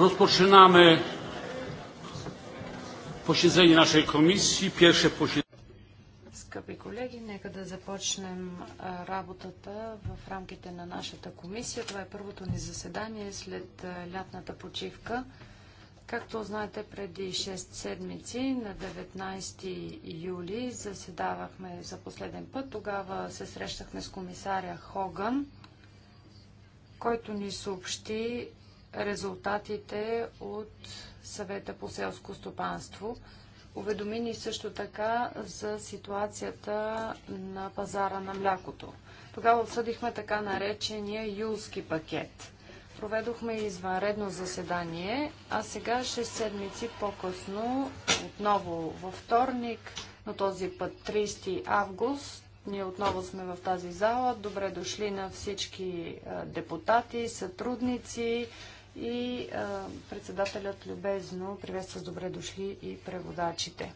Rozpoczynamy posiedzenie naszej komisji. Pierwsze posiedzenie. Скъпи колеги, нека да започнем работата в рамките на нашата комисия. Това е първото ни заседание след лятната почивка. Както знаете, преди 6 седмици, на 19 юли, заседавахме за последен път. Тогава се срещахме с комисаря Хоган, който ни съобщи резултатите от съвета по селско стопанство. Уведоми ни също така за ситуацията на пазара на млякото. Тогава обсъдихме така наречения юлски пакет. Проведохме извънредно заседание, а сега 6 седмици по-късно, отново във вторник, но този път 30 август, ние отново сме в тази зала. Добре дошли на всички депутати, сътрудници, и а, председателят любезно приветства с добре дошли и преводачите.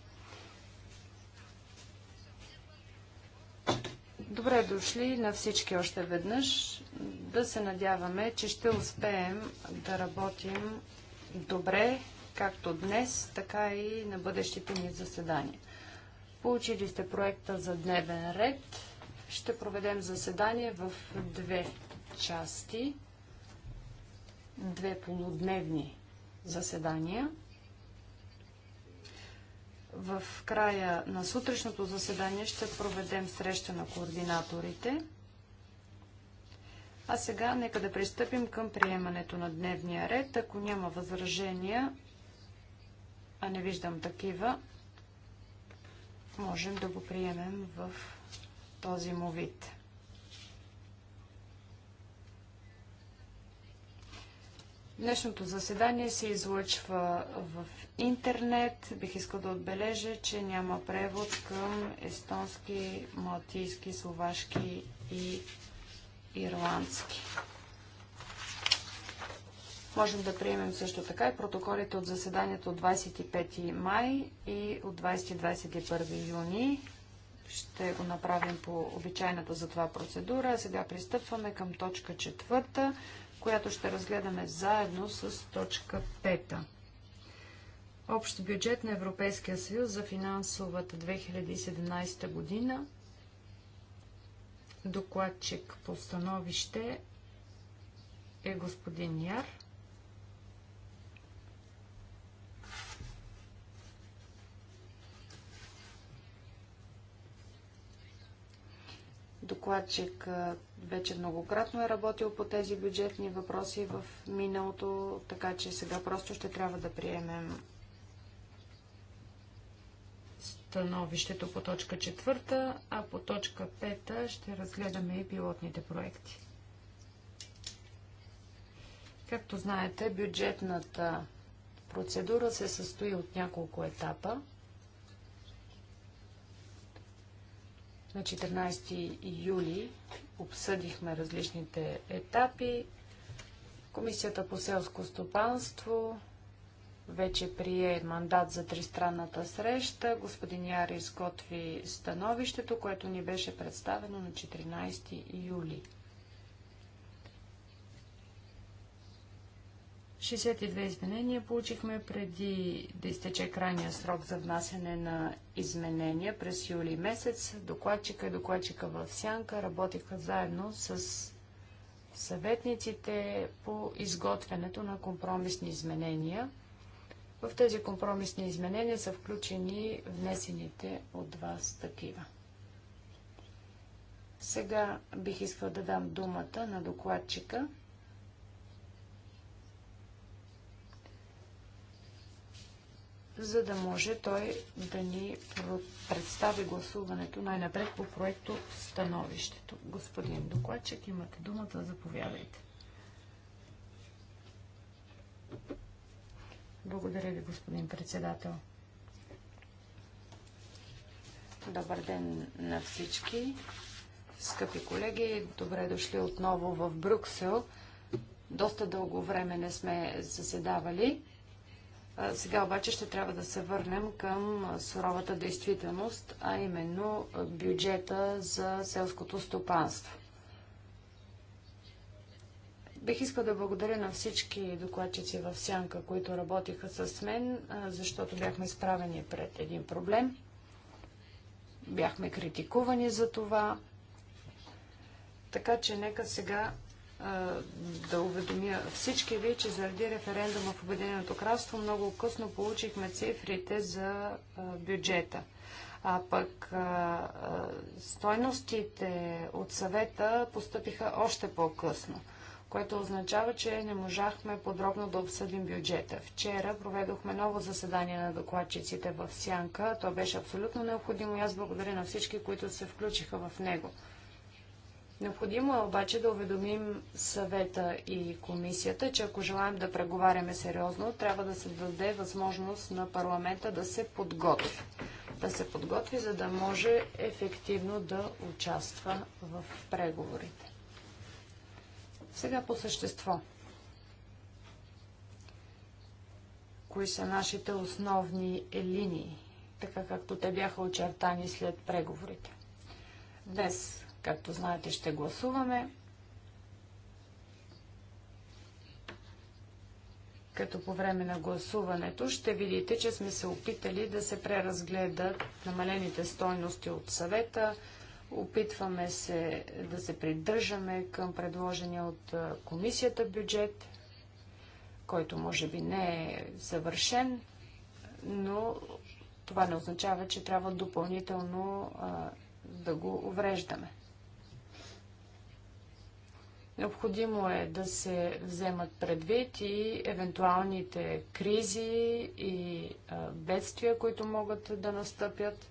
Добре дошли на всички още веднъж. Да се надяваме, че ще успеем да работим добре, както днес, така и на бъдещите ни заседания. Получили сте проекта за дневен ред. Ще проведем заседание в две части две полудневни заседания. В края на сутрешното заседание ще проведем среща на координаторите. А сега нека да пристъпим към приемането на дневния ред. Ако няма възражения, а не виждам такива, можем да го приемем в този му вид. Днешното заседание се излъчва в интернет. Бих искал да отбележа, че няма превод към естонски, малтийски, словашки и ирландски. Можем да приемем също така и протоколите от заседанието от 25 май и от 20-21 юни. Ще го направим по обичайната за това процедура. Сега пристъпваме към точка четвърта която ще разгледаме заедно с точка 5. Общ бюджет на Европейския съюз за финансовата 2017 година. Докладчик по становище е господин Яр. Докладчик вече многократно е работил по тези бюджетни въпроси в миналото, така че сега просто ще трябва да приемем становището по точка четвърта, а по точка пета ще разгледаме и пилотните проекти. Както знаете, бюджетната процедура се състои от няколко етапа. На 14 юли обсъдихме различните етапи. Комисията по селско стопанство вече прие мандат за тристранната среща. Господин Яр изготви становището, което ни беше представено на 14 юли. 62 изменения получихме преди да изтече крайния срок за внасяне на изменения през юли месец. Докладчика и докладчика в Сянка работиха заедно с съветниците по изготвянето на компромисни изменения. В тези компромисни изменения са включени внесените от вас такива. Сега бих искал да дам думата на докладчика. за да може той да ни представи гласуването най-напред по проекто Становището. Господин докладчик, имате думата, заповядайте. Благодаря ви, господин председател. Добър ден на всички. Скъпи колеги, добре дошли отново в Брюксел. Доста дълго време не сме заседавали. Сега обаче ще трябва да се върнем към суровата действителност, а именно бюджета за селското стопанство. Бих искал да благодаря на всички докладчици в Сянка, които работиха с мен, защото бяхме изправени пред един проблем. Бяхме критикувани за това. Така че нека сега да уведомя всички ви, че заради референдума в Обединеното кралство много късно получихме цифрите за бюджета. А пък стойностите от съвета поступиха още по-късно което означава, че не можахме подробно да обсъдим бюджета. Вчера проведохме ново заседание на докладчиците в Сянка. То беше абсолютно необходимо и аз благодаря на всички, които се включиха в него. Необходимо е обаче да уведомим съвета и комисията, че ако желаем да преговаряме сериозно, трябва да се даде възможност на парламента да се подготви. Да се подготви, за да може ефективно да участва в преговорите. Сега по същество. Кои са нашите основни линии, така както те бяха очертани след преговорите? Днес Както знаете, ще гласуваме. Като по време на гласуването ще видите, че сме се опитали да се преразгледат намалените стойности от съвета. Опитваме се да се придържаме към предложения от комисията бюджет, който може би не е съвършен, но това не означава, че трябва допълнително да го увреждаме. Необходимо е да се вземат предвид и евентуалните кризи и бедствия, които могат да настъпят.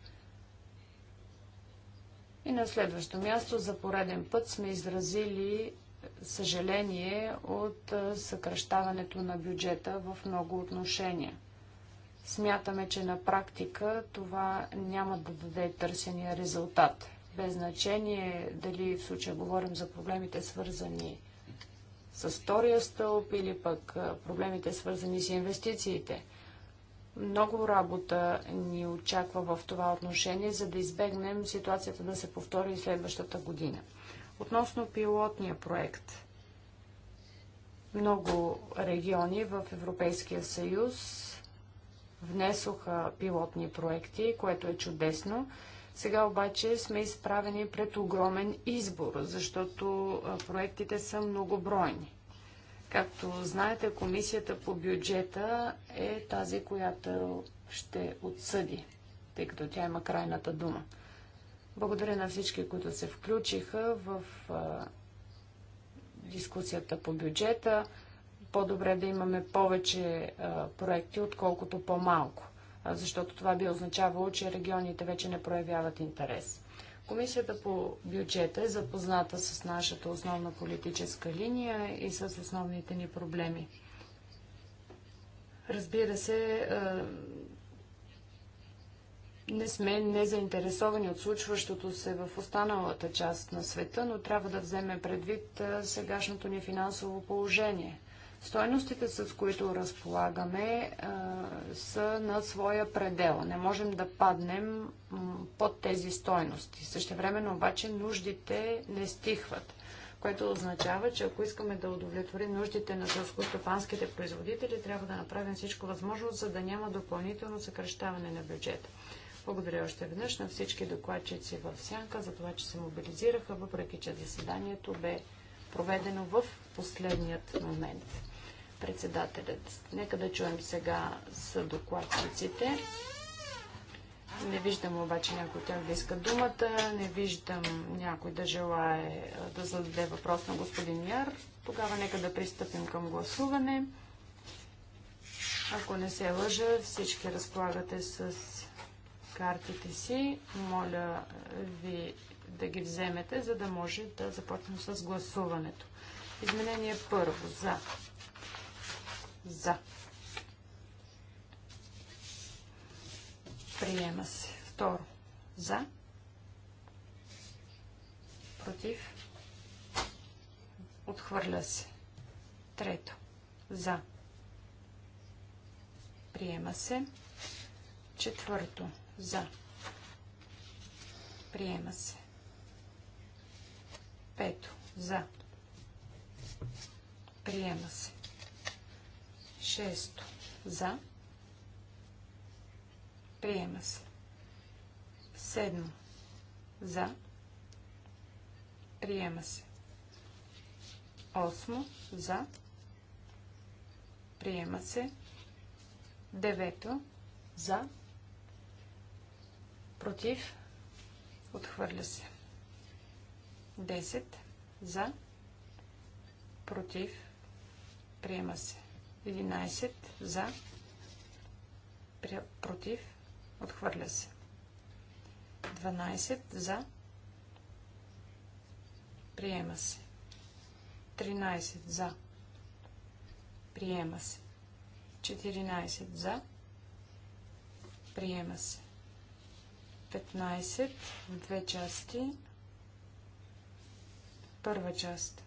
И на следващо място, за пореден път сме изразили съжаление от съкръщаването на бюджета в много отношения. Смятаме, че на практика това няма да даде търсения резултат без значение дали в случая говорим за проблемите свързани с втория стълб или пък проблемите свързани с инвестициите. Много работа ни очаква в това отношение, за да избегнем ситуацията да се повтори следващата година. Относно пилотния проект, много региони в Европейския съюз внесоха пилотни проекти, което е чудесно. Сега обаче сме изправени пред огромен избор, защото проектите са многобройни. Както знаете, комисията по бюджета е тази, която ще отсъди, тъй като тя има крайната дума. Благодаря на всички, които се включиха в дискусията по бюджета. По-добре да имаме повече проекти, отколкото по-малко защото това би означавало, че регионите вече не проявяват интерес. Комисията по бюджета е запозната с нашата основна политическа линия и с основните ни проблеми. Разбира се, не сме незаинтересовани от случващото се в останалата част на света, но трябва да вземе предвид сегашното ни финансово положение. Стойностите, с които разполагаме, са на своя предел. Не можем да паднем под тези стойности. времено обаче нуждите не стихват което означава, че ако искаме да удовлетворим нуждите на зълско-стопанските производители, трябва да направим всичко възможно, за да няма допълнително съкръщаване на бюджета. Благодаря още веднъж на всички докладчици в Сянка за това, че се мобилизираха, въпреки че заседанието бе проведено в последният момент председателят. Нека да чуем сега с докладчиците. Не виждам обаче някой от тях да иска думата, не виждам някой да желае да зададе въпрос на господин Яр. Тогава нека да пристъпим към гласуване. Ако не се лъжа, всички разполагате с картите си. Моля ви да ги вземете, за да може да започнем с гласуването. Изменение първо за за. Приема се. Второ. За. Против. Отхвърля се. Трето. За. Приема се. Четвърто. За. Приема се. Пето. За. Приема се. Шесто. За. Приема се. Седмо. За. Приема се. Осмо. За. Приема се. Девето. За. Против. Отхвърля се. Десет. За. Против. Приема се. 11 за, против, отхвърля се. 12 за, приема се. 13 за, приема се. 14 за, приема се. 15 в две части. Първа част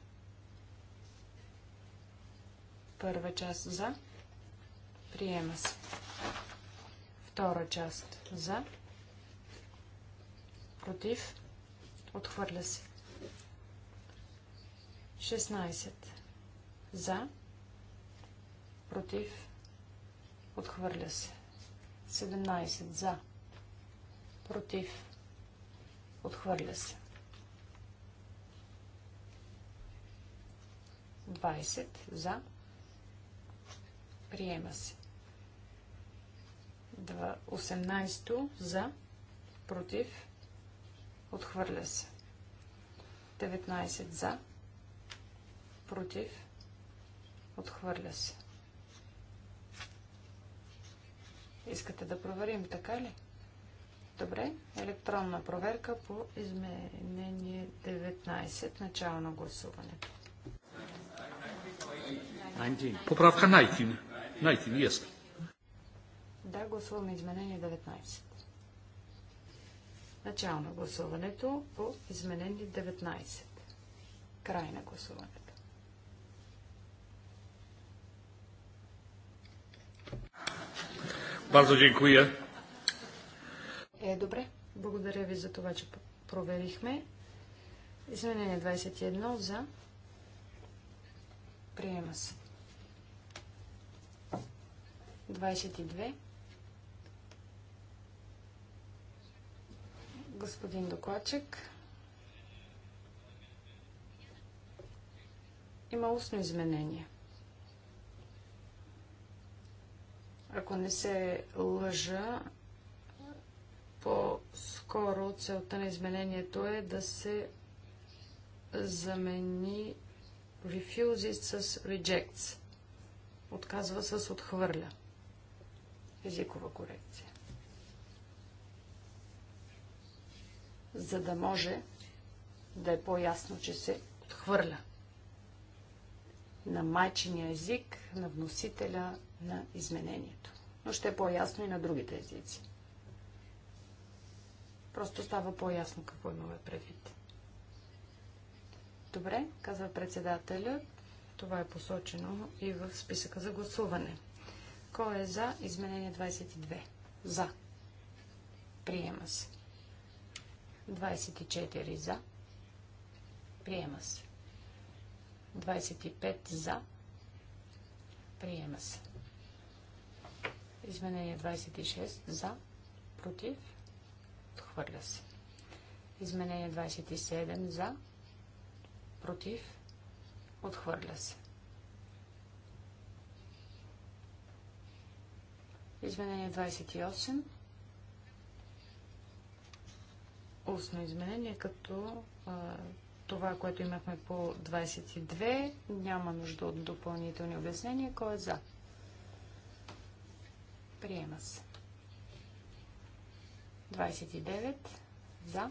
Първа част за. Приема се. Втора част за. Против. Отхвърля се. 16. За. Против. Отхвърля се. 17. За. Против. Отхвърля се. 20. За. Приема се. 18 за, против, отхвърля се. 19 за, против, отхвърля се. Искате да проверим, така ли? Добре, електронна проверка по изменение 19, начало на гласуването. Поправка Найкин. 19, yes. Да, гласуваме изменение 19. Начало на гласуването по изменение 19. Край на гласуването. Бързо дякуя. Е, добре. Благодаря ви за това, че проверихме. Изменение 21 за приема се. 22. Господин докладчик. Има устно изменение. Ако не се лъжа, по-скоро целта на изменението е да се замени refuses с rejects. Отказва с отхвърля езикова корекция. За да може да е по-ясно, че се отхвърля на майчиния език на вносителя на изменението. Но ще е по-ясно и на другите езици. Просто става по-ясно какво имаме предвид. Добре, казва председателя. Това е посочено и в списъка за гласуване. Кой е за изменение 22? За. Приема се. 24 за. Приема се. 25 за. Приема се. Изменение 26 за. Против. Отхвърля се. Изменение 27 за. Против. Отхвърля се. Изменение 28. Устно изменение, като а, това, което имахме по 22, няма нужда от допълнителни обяснения. Кой е за? Приема се. 29. За.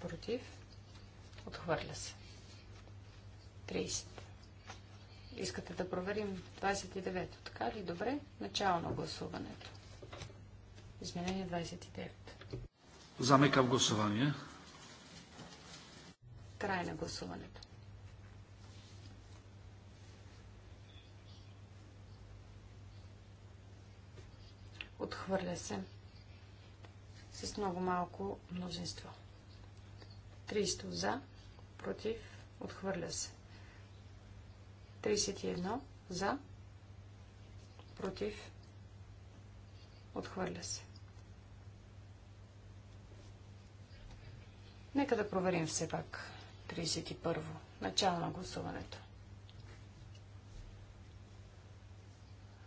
Против. Отхвърля се. 30. Искате да проверим 29-то, така ли? Добре. Начало на гласуването. Изменение 29. в гласование. Край на гласуването. Отхвърля се с много малко мнозинство. 300 за, против, отхвърля се. 31 за, против, отхвърля се. Нека да проверим все пак 31. Начало на гласуването.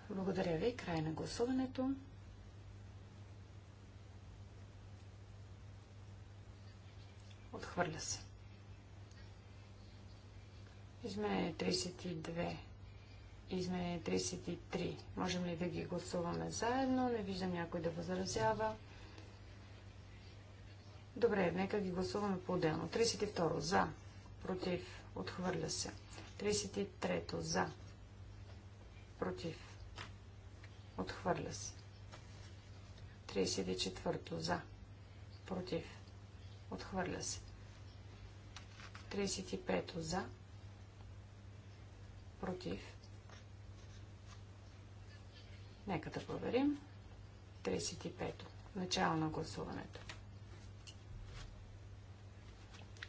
Благодаря ви. Край на гласуването. Отхвърля се. Изменение 32 изменение 33. Можем ли да ги гласуваме заедно? Не виждам някой да възразява. Добре, нека ги гласуваме по-отделно. 32. За. Против. Отхвърля се. 33. За. Против. Отхвърля се. 34. За. Против. Отхвърля се. 35. За. Против. Нека да проверим. 35-то. Начало на гласуването.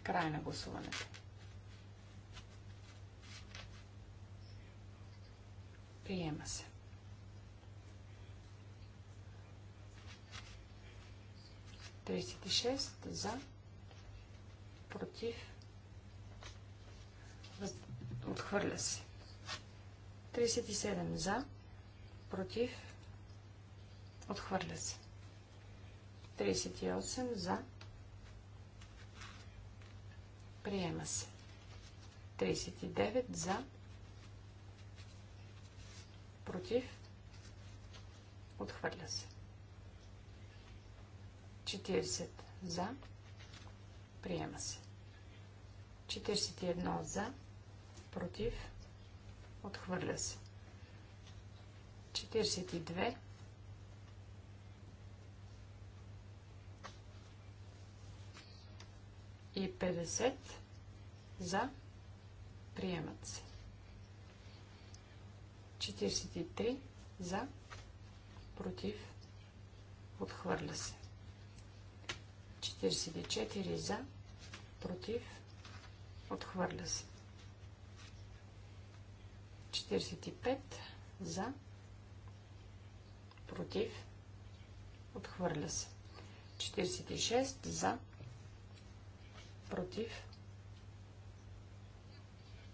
Край на гласуването. Приема се. Тридесет и шест за, против, отхвърля се. 37 за, против, отхвърля се. 38 за, приема се. 39 за, против, отхвърля се. 40 за, приема се. 41 за, против, Отхвърля се. 42. И 50 за. Приемат се. 43 за. Против. Отхвърля се. 44 за. Против. Отхвърля се. 45 за, против, отхвърля се. 46 за, против.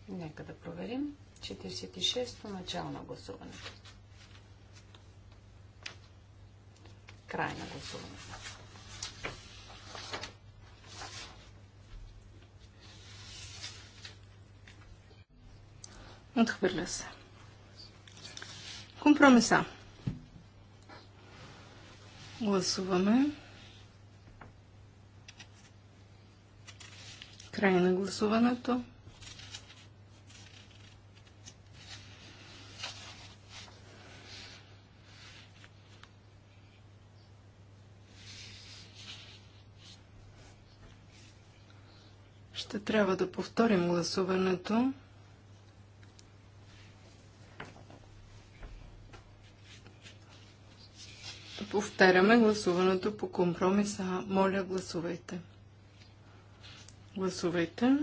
Нека да проверим. 46 начало на гласуването. Край на гласуването. Отхвърля се. Компромиса. Гласуваме. Край на гласуването. Ще трябва да повторим гласуването. повтаряме гласуването по компромиса. Моля, гласувайте. Гласувайте.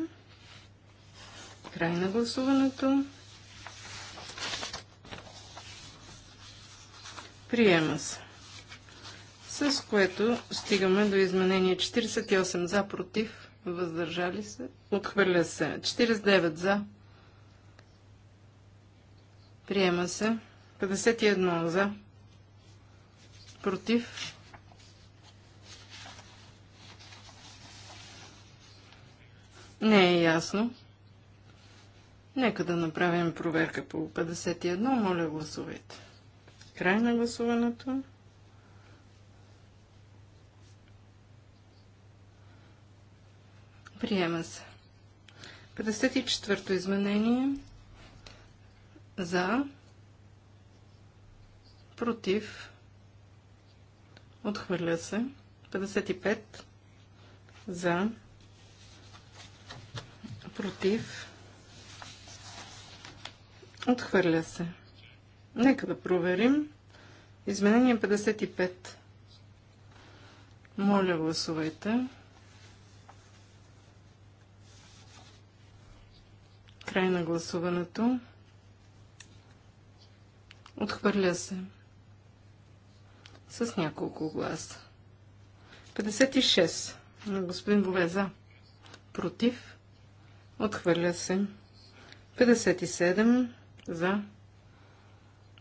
Край на гласуването. Приема се. С което стигаме до изменение 48 за, против, въздържали се, отхвърля се. 49 за. Приема се. 51 за против, не е ясно. Нека да направим проверка по 51. Моля, гласувайте. Край на гласуването. Приема се. 54-то изменение. За. Против. Отхвърля се. 55 за. Против. Отхвърля се. Нека да проверим. Изменение 55. Моля, гласувайте. Край на гласуването. Отхвърля се с няколко гласа. 56 на господин Бовеза. Против. Отхвърля се. 57 за.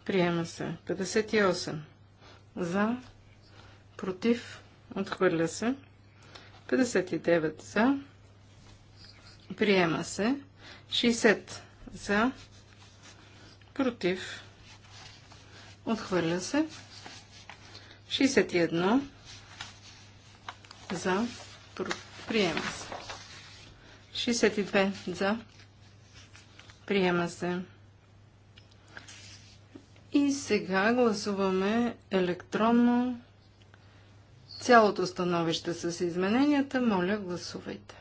Приема се. 58 за. Против. Отхвърля се. 59 за. Приема се. 60 за. Против. Отхвърля се. 61 за. Приема се. 62 за. Приема се. И сега гласуваме електронно цялото становище с измененията. Моля, гласувайте.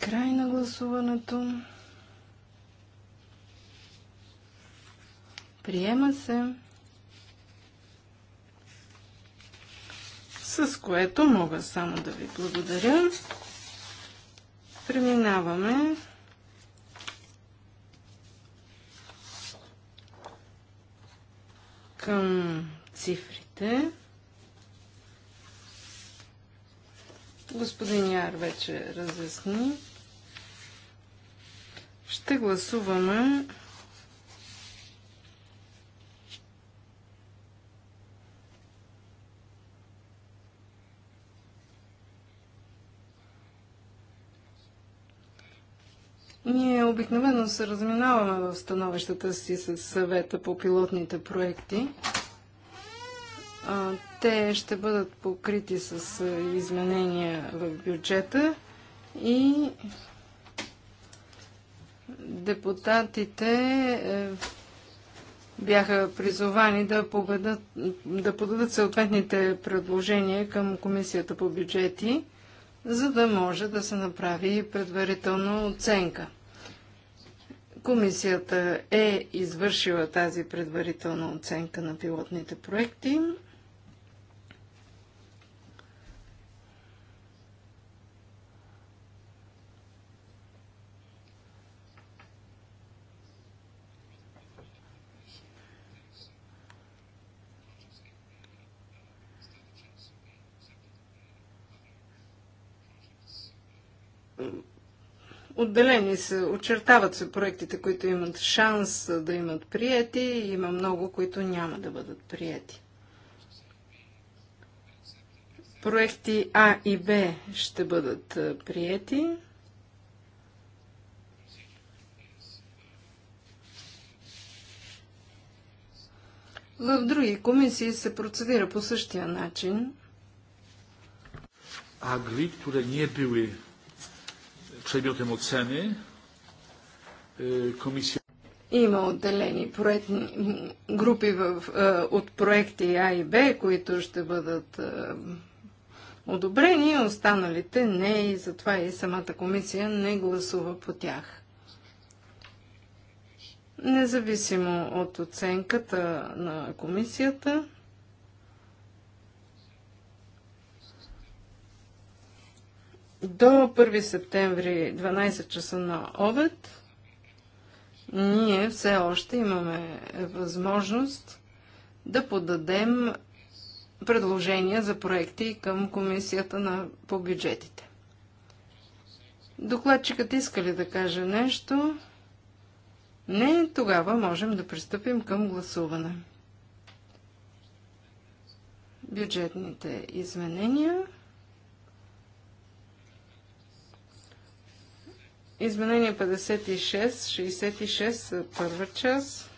Край на гласуването. Приема се. С което мога само да ви благодаря. Преминаваме към цифрите. Господин Яр вече разясни. Ще гласуваме Ние обикновено се разминаваме в становищата си с съвета по пилотните проекти. Те ще бъдат покрити с изменения в бюджета и депутатите е, бяха призовани да, победат, да подадат съответните предложения към Комисията по бюджети за да може да се направи предварителна оценка. Комисията е извършила тази предварителна оценка на пилотните проекти отделени се, очертават се проектите, които имат шанс да имат прияти и има много, които няма да бъдат прияти. Проекти А и Б ще бъдат прияти. В други комисии се процедира по същия начин. Агли, които не били przedmiotem oceny. komisja. Има отделени проектни групи в, е, от проекти А и Б, които ще бъдат е, одобрени, останалите не и затова и самата комисия не гласува по тях. Независимо от оценката на комисията, До 1 септември 12 часа на обед ние все още имаме възможност да подадем предложения за проекти към комисията на, по бюджетите. Докладчикът иска ли да каже нещо? Не, тогава можем да пристъпим към гласуване. Бюджетните изменения. Изменение 56, 66, първа част.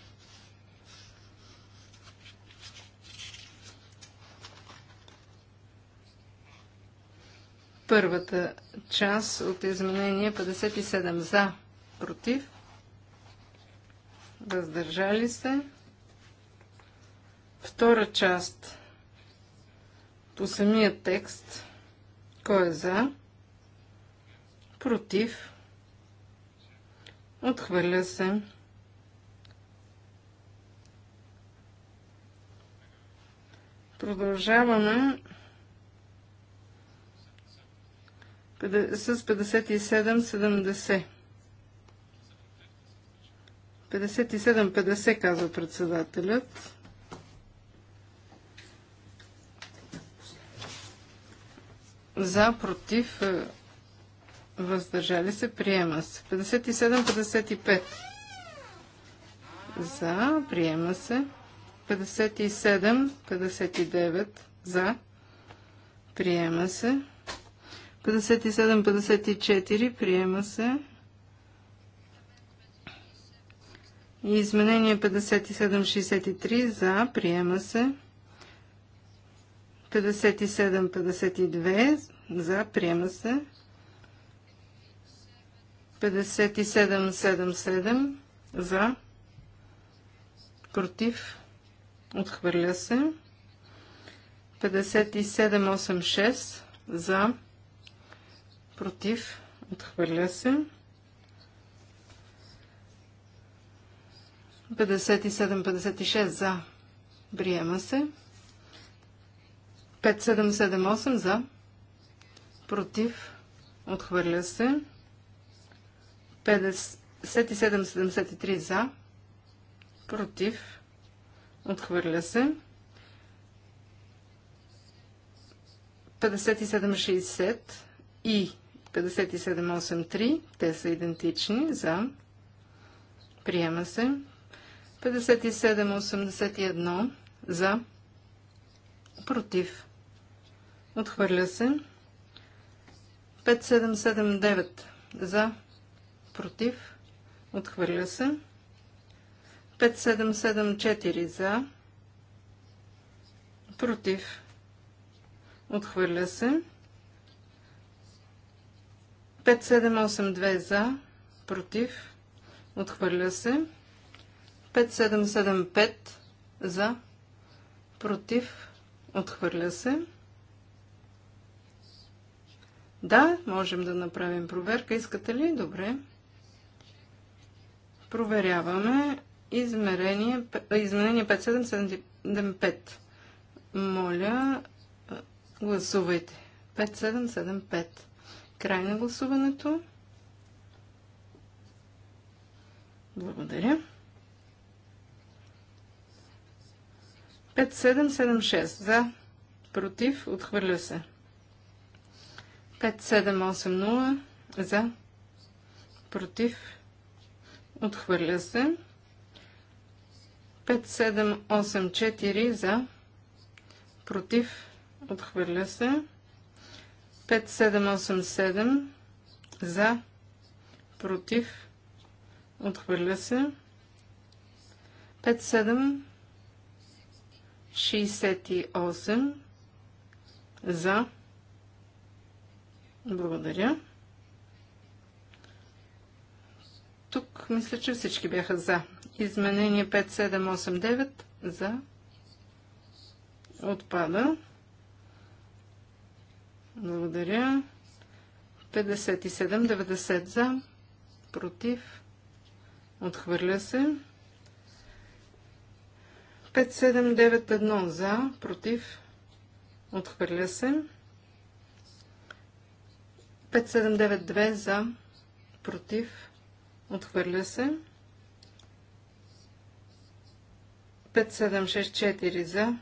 Първата част от изменение 57 за, против, въздържали се. Втора част по самия текст. Кой е за? Против. Отхвърля се. Продължаваме с 57-70. 57-50, казва председателят. За, против, е, въздържали се, приема се. 57-55 за, приема се. 57-59 за, приема се. 57-54 приема се. И изменение 57-63 за, приема се. 57-52 за, приема се. 5777 за, против, отхвърля се. 5786 за, против, отхвърля се. 57-56 за. Приема се. 5778 за. Против. Отхвърля се. 57-73 за, против, отхвърля се. 57-60 и 57-83, те са идентични, за, приема се. 57-81 за, против, отхвърля се. 5779 за, против, отхвърля се. 5774 за, против, отхвърля се. 5782 за, против, отхвърля се. 5775 за, против, отхвърля се. Да, можем да направим проверка. Искате ли? Добре. Проверяваме измерение, изменение 5775. Моля, гласувайте. 5775. Край на гласуването. Благодаря. 5776 за, против, отхвърля се. 5780 за, против, Отхвърля се. 5784 за. Против. Отхвърля се. 5787 за. Против. Отхвърля се. 5768 за. Благодаря. Тук мисля, че всички бяха за. Изменение 5789 за. Отпада. Благодаря. 5790 за. Против. Отхвърля се. 5791 за. Против. Отхвърля се. 5792 за. Против. Отхвърля се. 5764 за.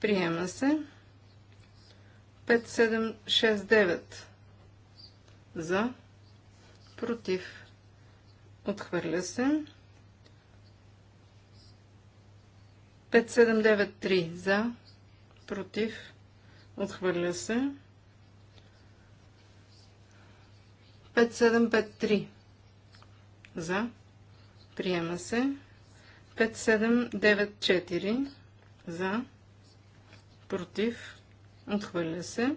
Приема се. 5769 за. Против. Отхвърля се. 5793 за. Против. Отхвърля се. 5753 за, приема се. 5794 за, против, отхвърля се.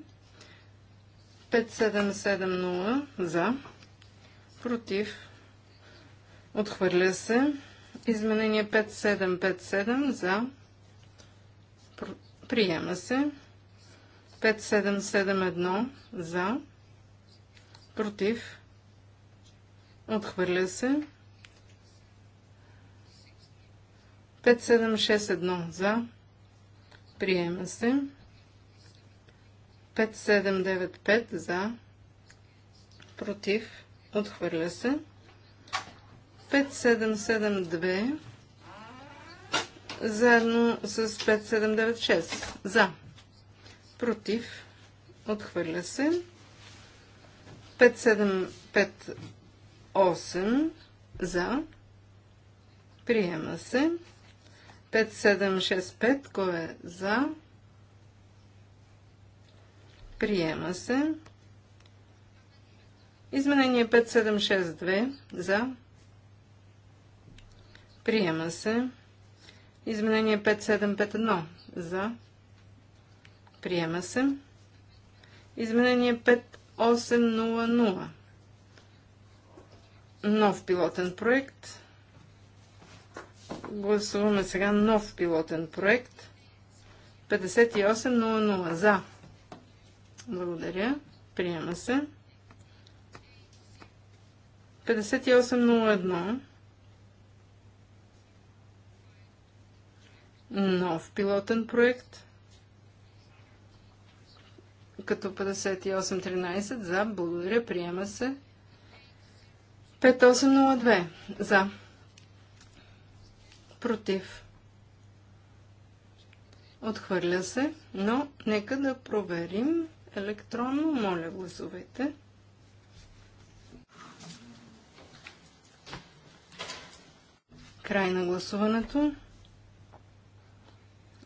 5770 за, против, отхвърля се. Изменение 5757 за, приема се. 5771 за, против, Отхвърля се. 5761 за. Приема се. 5795 за. Против. Отхвърля се. 5772 заедно с 5796 за. Против. Отхвърля се. 5755 8 за. Приема се. 5765, кой е за? Приема се. Изменение 5762 за. Приема се. Изменение 5751 за. Приема се. Изменение 5800 нов пилотен проект. Гласуваме сега нов пилотен проект. 5800 за. Благодаря. Приема се. 5801. Нов пилотен проект. Като 5813 за. Благодаря. Приема се. 5801. 5802 за. Против. Отхвърля се, но нека да проверим електронно. Моля, гласувайте. Край на гласуването.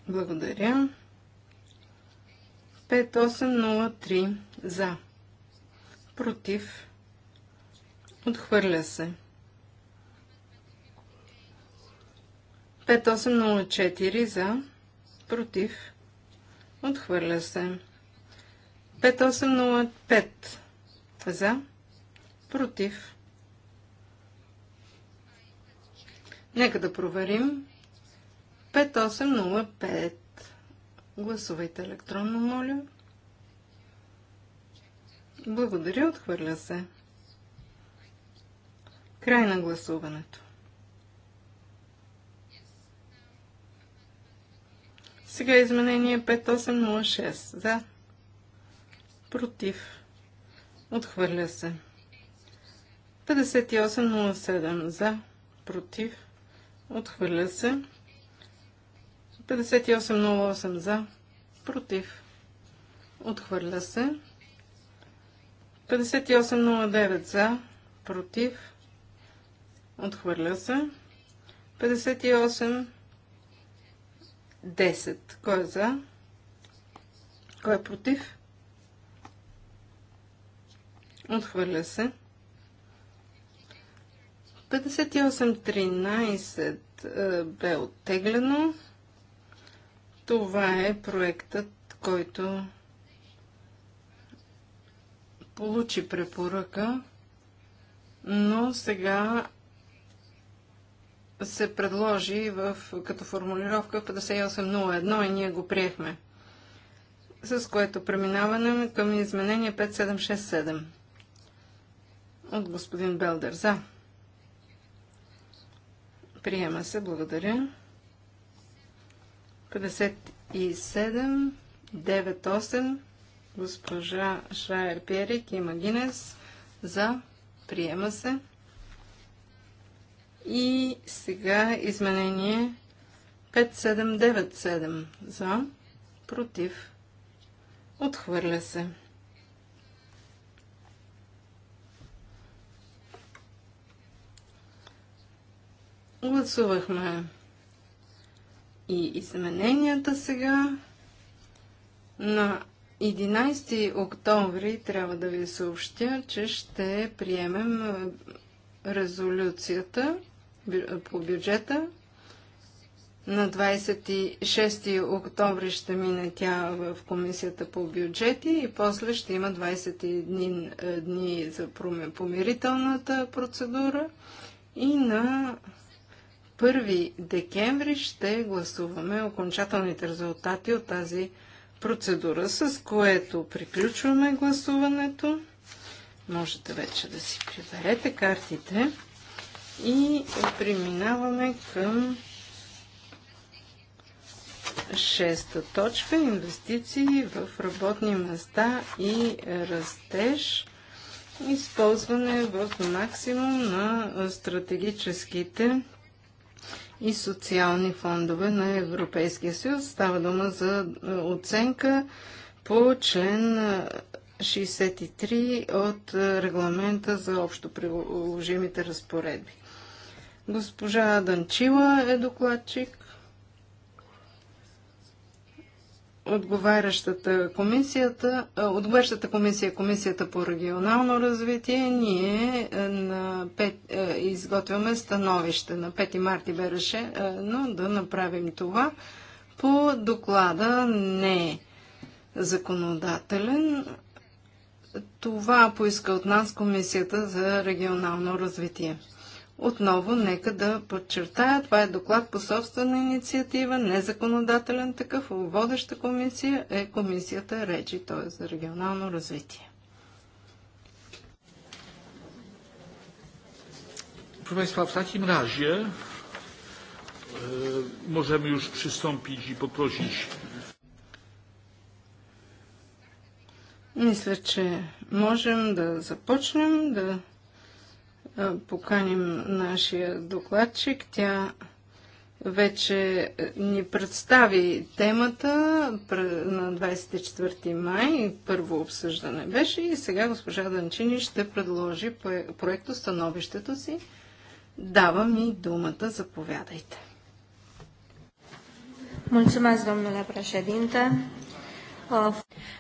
Благодаря. 5803 за. Против. Отхвърля се. 5804 за. Против. Отхвърля се. 5805 за. Против. Нека да проверим. 5805. Гласувайте електронно, моля. Благодаря, отхвърля се. Край на гласуването. Сега изменение 5806. За. Против. Отхвърля се. 5807. За. Против. Отхвърля се. 5808. За. Против. Отхвърля се. 5809. За. Против. Отхвърля се. 58. 10. Кой е за? Кой е против? Отхвърля се. 58-13. Е, бе оттеглено. Това е проектът, който получи препоръка, но сега се предложи в, като формулировка в 5801 и ние го приехме. С което преминаваме към изменение 5767 от господин Белдер. За. Приема се. Благодаря. 57 98 госпожа Шайер Перик и Магинес за. Приема се. И сега изменение 5797 за, против, отхвърля се. Гласувахме и измененията сега. На 11 октомври трябва да ви съобщя, че ще приемем резолюцията по бюджета. На 26 октомври ще мине тя в комисията по бюджети и после ще има 21 е, дни за помирителната процедура и на 1 декември ще гласуваме окончателните резултати от тази процедура, с което приключваме гласуването. Можете вече да си приберете картите. И преминаваме към шеста точка – инвестиции в работни места и растеж, използване в максимум на стратегическите и социални фондове на Европейския съюз. Става дума за е, оценка по член 63 е, от е, регламента за общо приложимите разпоредби. Госпожа Данчила е докладчик. Отговарящата комисията, отговарящата комисия, е комисията по регионално развитие, ние на 5, изготвяме становище. На 5 марти бе но да направим това по доклада не е законодателен. Това поиска от нас комисията за регионално развитие. Отново, нека да подчертая, това е доклад по собствена инициатива, незаконодателен такъв, водеща комисия е комисията Речи, т.е. за регионално развитие. Państwa, w takim razie e, możemy już przystąpić i poprosić. Мисля, че можем да започнем поканим нашия докладчик. Тя вече ни представи темата на 24 май. Първо обсъждане беше и сега госпожа Данчини ще предложи проекто становището си. Давам и думата. Заповядайте.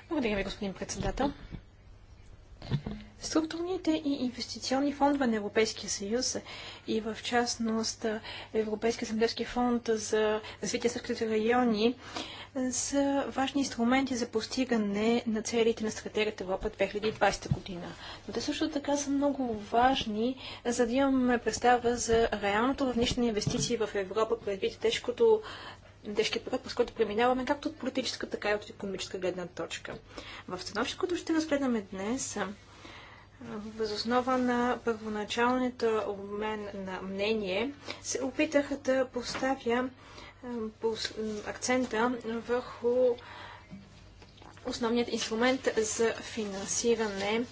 Благодаря ви, господин председател. Структурните и инвестиционни фондове на Европейския съюз и в частност Европейския земеделски фонд за развитие на сърските райони са важни инструменти за постигане на целите на стратегията Европа 2020 година. Но те също така са много важни, за да имаме представа за реалното равнище на инвестиции в Европа предвид тежкото тежкия период, през който преминаваме както от политическа, така и от економическа гледна точка. В становището, което ще разгледаме днес, Възоснова на първоначалната обмен на мнение се опитаха да поставя акцента върху основният инструмент за финансиране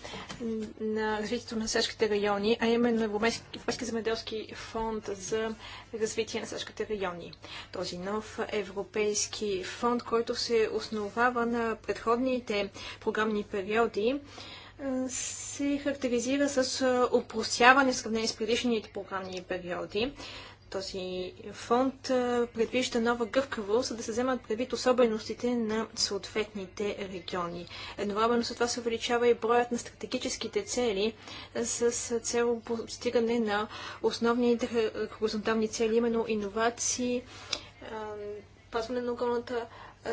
на развитието на сашките райони, а именно Европейски земеделски фонд за развитие на сашките райони. Този нов европейски фонд, който се основава на предходните програмни периоди, се характеризира с опростяване в сравнение с предишните програмни периоди. Този фонд предвижда нова гъвкавост, за да се вземат предвид особеностите на съответните региони. Едновременно с това се увеличава и броят на стратегическите цели с цел постигане на основните хоризонтални цели, именно иновации, пазване на околната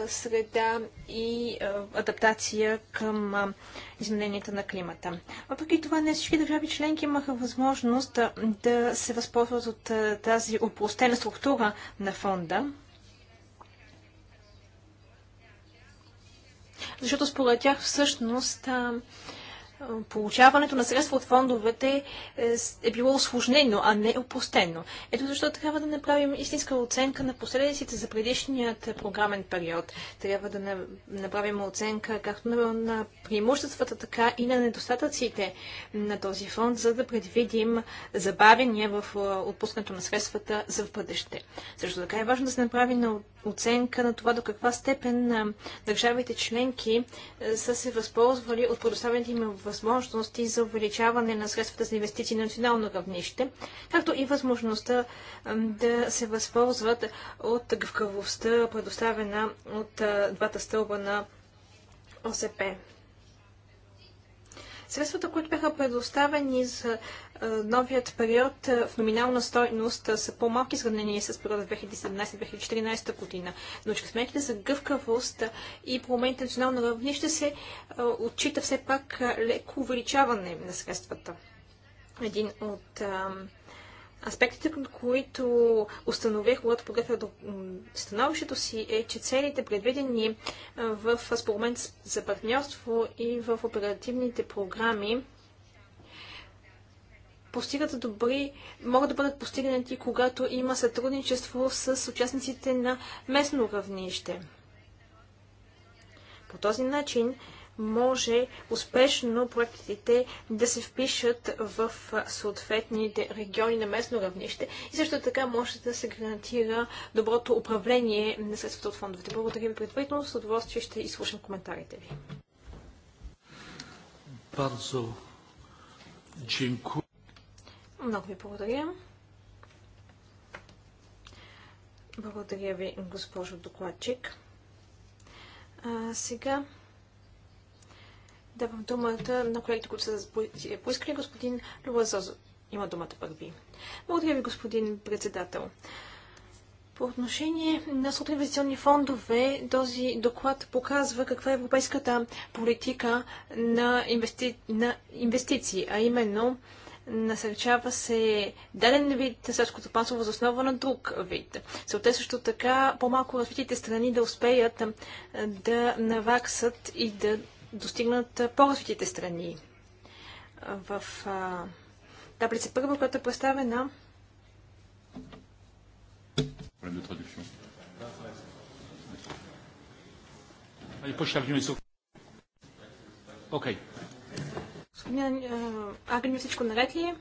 среда и адаптация към измененията на климата. Въпреки това, не всички държави членки имаха възможност да, да се възползват от тази упростена структура на фонда. Защото според тях всъщност получаването на средства от фондовете е, е било осложнено, а не опустено. Ето защо трябва да направим истинска оценка на последиците за предишният програмен период. Трябва да направим оценка както на преимуществата, така и на недостатъците на този фонд, за да предвидим забавения в е, отпускането на средствата за в бъдеще. Също така е важно да се направи на оценка на това до каква степен е, държавите членки са се възползвали от предоставените им възможности за увеличаване на средствата за инвестиции на национално равнище, както и възможността да се възползват от гъвкавостта, предоставена от двата стълба на ОСП. Средствата, които бяха предоставени за е, новият период е, в номинална стойност е, са по-малки сравнение с периода 2017-2014 година. Но чрез за гъвкавост и по момента национално равнище се отчита все пак леко увеличаване на средствата. Един от Аспектите, които установих, когато погледах до становището си, е, че целите, предвидени в спорумен за партньорство и в оперативните програми, постигат добри, могат да бъдат постигнати, когато има сътрудничество с участниците на местно равнище. По този начин може успешно проектите да се впишат в съответните региони на местно равнище и също така може да се гарантира доброто управление на средствата от фондовете. Благодаря ви предварително. С удоволствие ще изслушам коментарите ви. Bardzo dziękuję. Много ви благодаря. Благодаря ви, госпожо докладчик. А, сега давам думата на колегите, които са е поискали. Господин Любазоз има думата първи. Благодаря ви, господин председател. По отношение на инвестиционни фондове, този доклад показва каква е европейската политика на, инвести... на инвестиции, а именно насърчава се даден вид селско стопанство въз основа на друг вид. Целта е също така по-малко развитите страни да успеят да наваксат и да достигнат по-развитите страни. В таблица първа, която е представена, problème Господин Агнев, всичко наред ли е?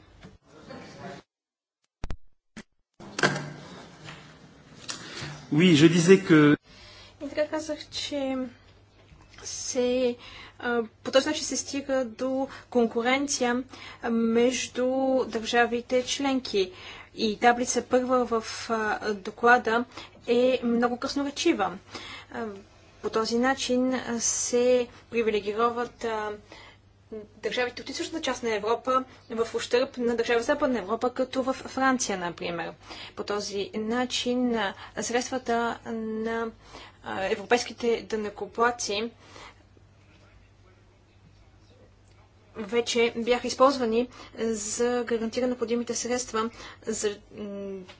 Oui, je disais que... И така казах, че се, по този начин се стига до конкуренция между държавите членки. И таблица първа в доклада е много красноречива. По този начин се привилегироват държавите от източната част на Европа в ущърп на държави Западна Европа, като в Франция, например. По този начин средствата на европейските дънакоплаци вече бяха използвани за гарантиране необходимите средства за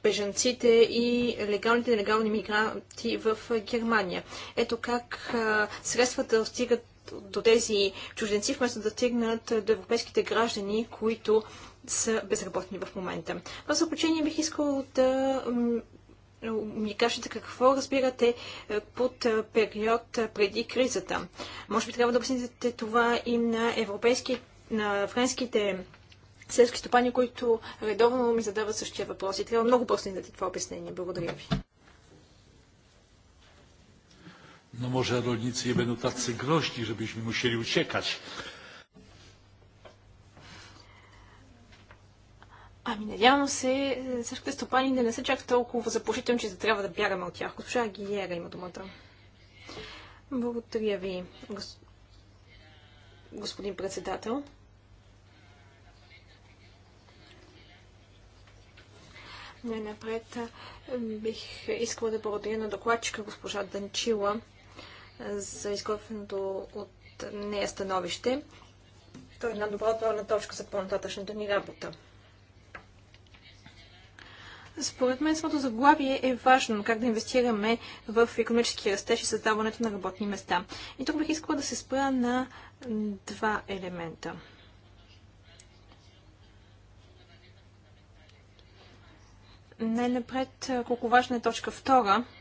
бежанците и легалните и нелегални мигранти в Германия. Ето как средствата достигат до тези чужденци, вместо да стигнат до европейските граждани, които са безработни в момента. В заключение бих искал да ми кажете какво разбирате е, под е, период преди кризата. Може би трябва да обясните това и на европейски, на френските селски стопани, които редовно ми задават същия въпрос и трябва много бързо да дадете това обяснение. Благодаря ви. No może rolnicy nie będą tacy groźni, żebyśmy musieli uciekać. Ами, надявам се, същите стопани не са чак толкова заплашителни, че трябва да бягаме от тях. Госпожа Гиера има думата. Благодаря ви, гос... господин председател. Най-напред е, бих искала да благодаря на докладчика госпожа Данчила за изготвеното от нея становище. Това е една добра отворна точка за по-нататъчната ни работа. Според мен самото заглавие е важно, как да инвестираме в економически растеж и създаването на работни места. И тук бих искала да се спра на два елемента. Най-напред, колко важна е точка втора –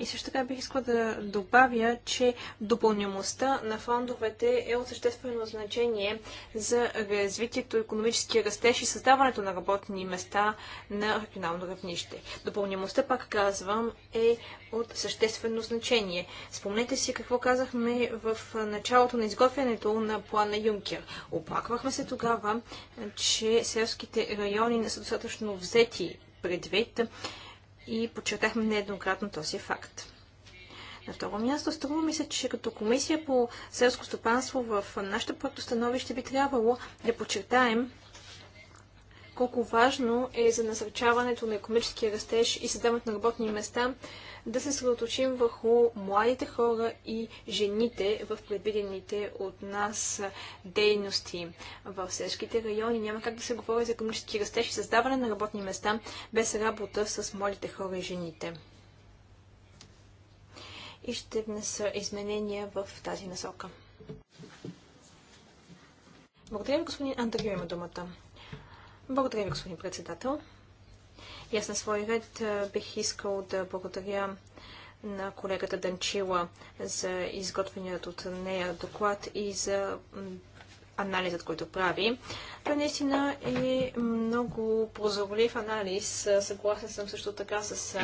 И също така бих искала да добавя, че допълнимостта на фондовете е от съществено значение за развитието, економическия растеж и създаването на работни места на регионално равнище. Допълнимостта, пак казвам, е от съществено значение. Спомнете си какво казахме в началото на изготвянето на плана Юнкер. Оплаквахме се тогава, че селските райони не са достатъчно взети предвид и подчертахме нееднократно този факт. На второ място, струва ми се, че като комисия по селско стопанство в нашето становище би трябвало да подчертаем колко важно е за насърчаването на економическия растеж и създаването на работни места да се съсредоточим върху младите хора и жените в предвидените от нас дейности. В селските райони няма как да се говори за економически растеж и създаване на работни места без работа с младите хора и жените. И ще внеса изменения в тази насока. Благодаря ви, господин Андрио, има думата. Благодаря ви, господин председател. И аз на свой ред бих искал да благодаря на колегата Данчила за изготвеният от нея доклад и за анализът, който прави. Той наистина е много прозорлив анализ. Съгласен съм също така с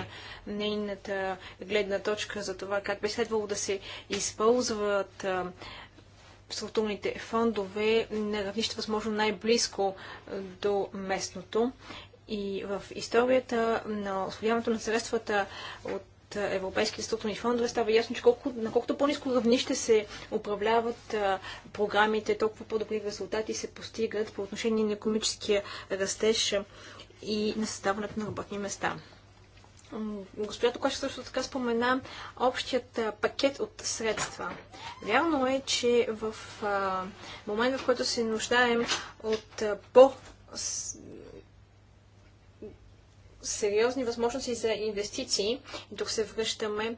нейната гледна точка за това как би следвало да се използват структурните фондове на равнище възможно най-близко до местното. И в историята на освояването на средствата от европейски структурни фондове, става ясно, че колко, на колкото по-низко равнище се управляват а, програмите, толкова по-добри резултати се постигат по отношение на економическия растеж и на създаването на работни места. Госпожа Токаш също така спомена общият а, пакет от средства. Вярно е, че в а, момента, в който се нуждаем от по- сериозни възможности за инвестиции. И тук се връщаме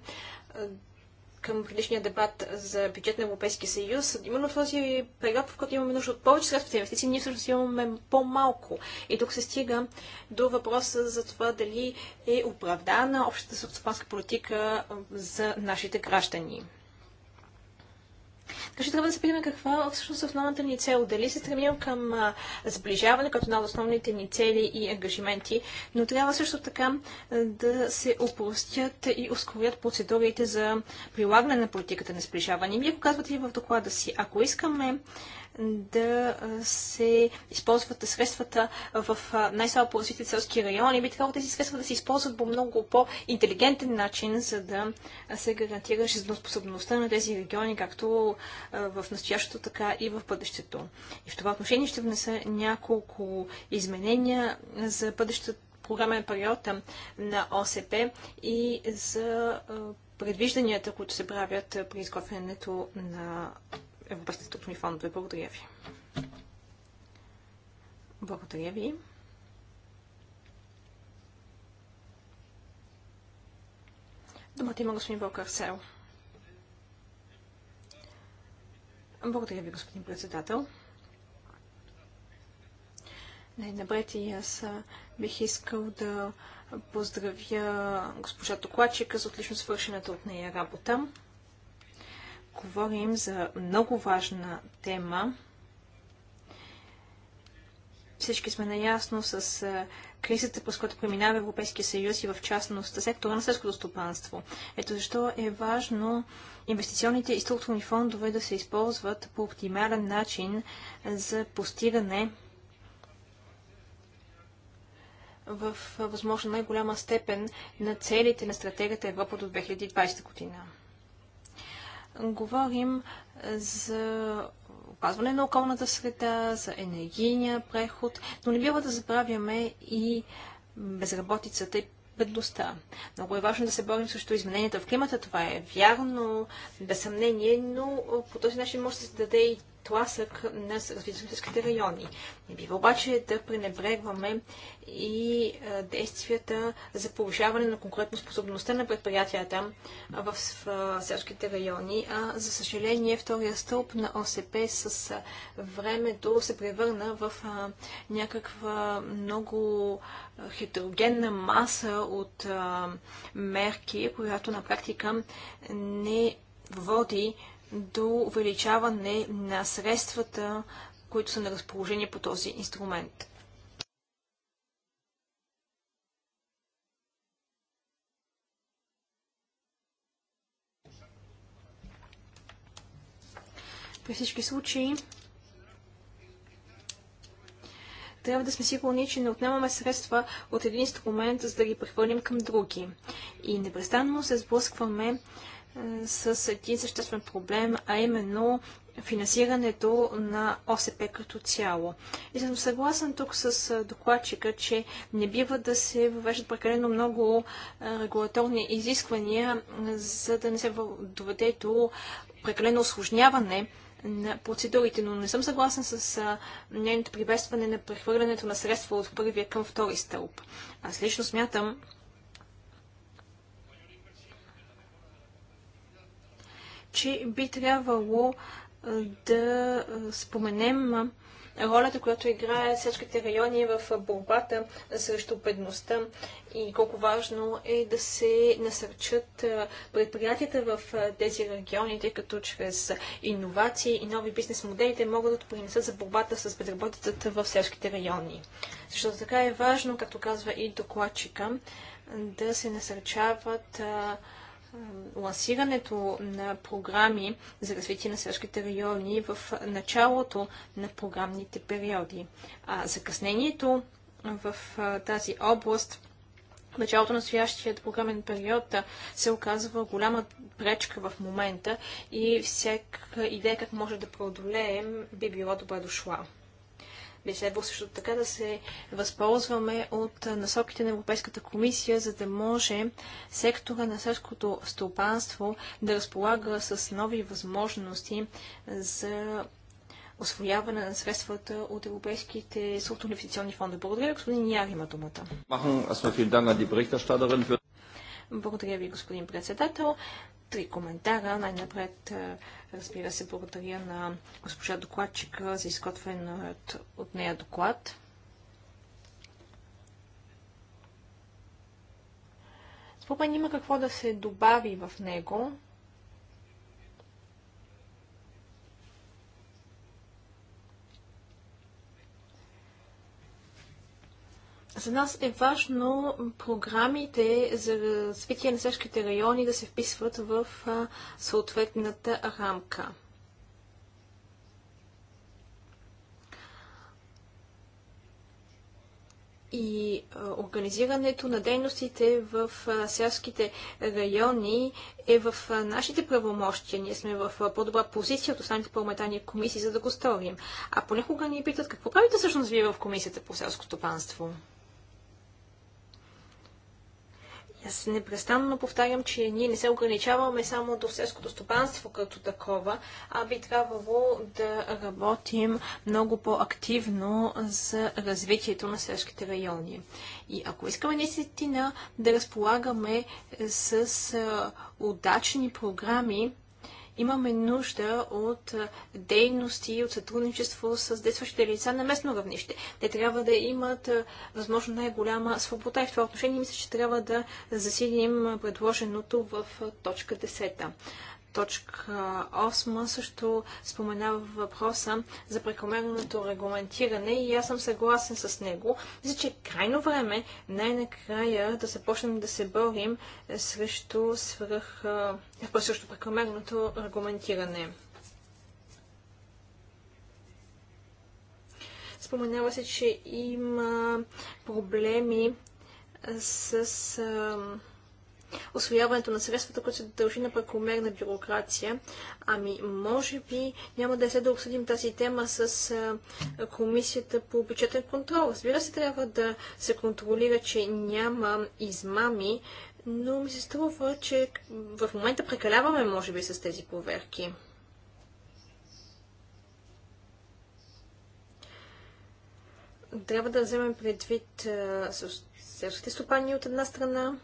към предишния дебат за бюджет на Европейския съюз, именно в този период, в който имаме нужда от повече средства за инвестиции, ние всъщност имаме по-малко. И тук се стига до въпроса за това дали е оправдана общата селскостопанска политика за нашите граждани. Кажи, трябва да се питаме каква всъщност е основната ни цел. Дали се стремим към а, сближаване, като една от основните ни цели и ангажименти, но трябва също така а, да се опростят и ускорят процедурите за прилагане на политиката на сближаване. Вие показвате и в доклада си, ако искаме да се използват средствата в най-слабо развитите селски райони. Би трябвало тези средства да се използват по много по-интелигентен начин, за да се гарантира жизнеспособността на тези региони, както в настоящето, така и в бъдещето. И в това отношение ще внеса няколко изменения за бъдещата програмен период на ОСП и за предвижданията, които се правят при изготвянето на Европейските структурни фондове. Благодаря ви. Благодаря ви. Думата има господин Балкар Сел. Благодаря ви, господин председател. Най-напред и аз бих искал да поздравя госпожа Токлачика за отлично свършената от нея работа. Говорим за много важна тема. Всички сме наясно с кризата, през която преминава Европейския съюз и в частност сектора на сърското стопанство. Ето защо е важно инвестиционните и структурни фондове да се използват по оптимален начин за постигане в възможно най-голяма степен на целите на стратегията Европа до 2020 година. Говорим за опазване на околната среда, за енергийния преход, но не бива да забравяме и безработицата и бедността. Много е важно да се борим срещу измененията в климата, това е вярно, без съмнение, но по този начин може да се даде и тласък на развитите райони. Не бива обаче да пренебрегваме и действията за повишаване на конкретно способността на предприятията в селските райони, а за съжаление втория стълб на ОСП с времето се превърна в някаква много хетерогенна маса от мерки, която на практика не води до увеличаване на средствата, които са на разположение по този инструмент. При всички случаи трябва да сме сигурни, че не отнемаме средства от един инструмент, за да ги прехвърлим към други. И непрестанно се сблъскваме с един съществен проблем, а именно финансирането на ОСП като цяло. И съм съгласен тук с докладчика, че не бива да се въвеждат прекалено много регулаторни изисквания, за да не се доведе до прекалено осложняване на процедурите, но не съм съгласен с нейното приветстване на прехвърлянето на средства от първия към втори стълб. Аз лично смятам, че би трябвало да споменем ролята, която играе всичките райони в борбата срещу бедността и колко важно е да се насърчат предприятията в тези региони, тъй като чрез иновации и нови бизнес модели те могат да принесат за борбата с безработицата в селските райони. Защото така е важно, както казва и докладчика, да се насърчават лансирането на програми за развитие на селските райони в началото на програмните периоди. А закъснението в тази област в началото на стоящият програмен период се оказва голяма пречка в момента и всяка идея как може да преодолеем би била добре дошла. Би следвало също така да се възползваме от насоките на Европейската комисия, за да може сектора на селското стопанство да разполага с нови възможности за освояване на средствата от европейските структурни инвестиционни фондове. Благодаря, господин Яр има думата. Благодаря ви, господин председател три коментара. Най-напред, е, разбира се, благодаря на госпожа докладчика за изготвен от нея доклад. Според има какво да се добави в него. За нас е важно програмите за развитие на селските райони да се вписват в съответната рамка. и организирането на дейностите в селските райони е в нашите правомощия. Ние сме в по-добра позиция от останалите парламентарни комисии, за да го сторим. А понякога ни питат какво правите всъщност вие в комисията по селско стопанство? Аз непрестанно повтарям, че ние не се ограничаваме само до селското стопанство като такова, а би трябвало да работим много по-активно за развитието на селските райони. И ако искаме наистина да разполагаме с удачни програми, имаме нужда от дейности от сътрудничество с действащите лица на местно равнище. Те трябва да имат възможно най-голяма свобода и в това отношение мисля, че трябва да засилим предложеното в точка 10. Точка 8 също споменава въпроса за прекомерното регламентиране и аз съм съгласен с него. Мисля, че е крайно време най-накрая да започнем да се борим срещу, свръх, срещу прекомерното регламентиране. Споменава се, че има проблеми с освояването на средствата, което се дължи на прекомерна бюрокрация. Ами, може би няма да е да обсъдим тази тема с Комисията по бюджетен контрол. Разбира се, трябва да се контролира, че няма измами, но ми се струва, че в момента прекаляваме, може би, с тези проверки. трябва да вземем предвид селските стопани от една страна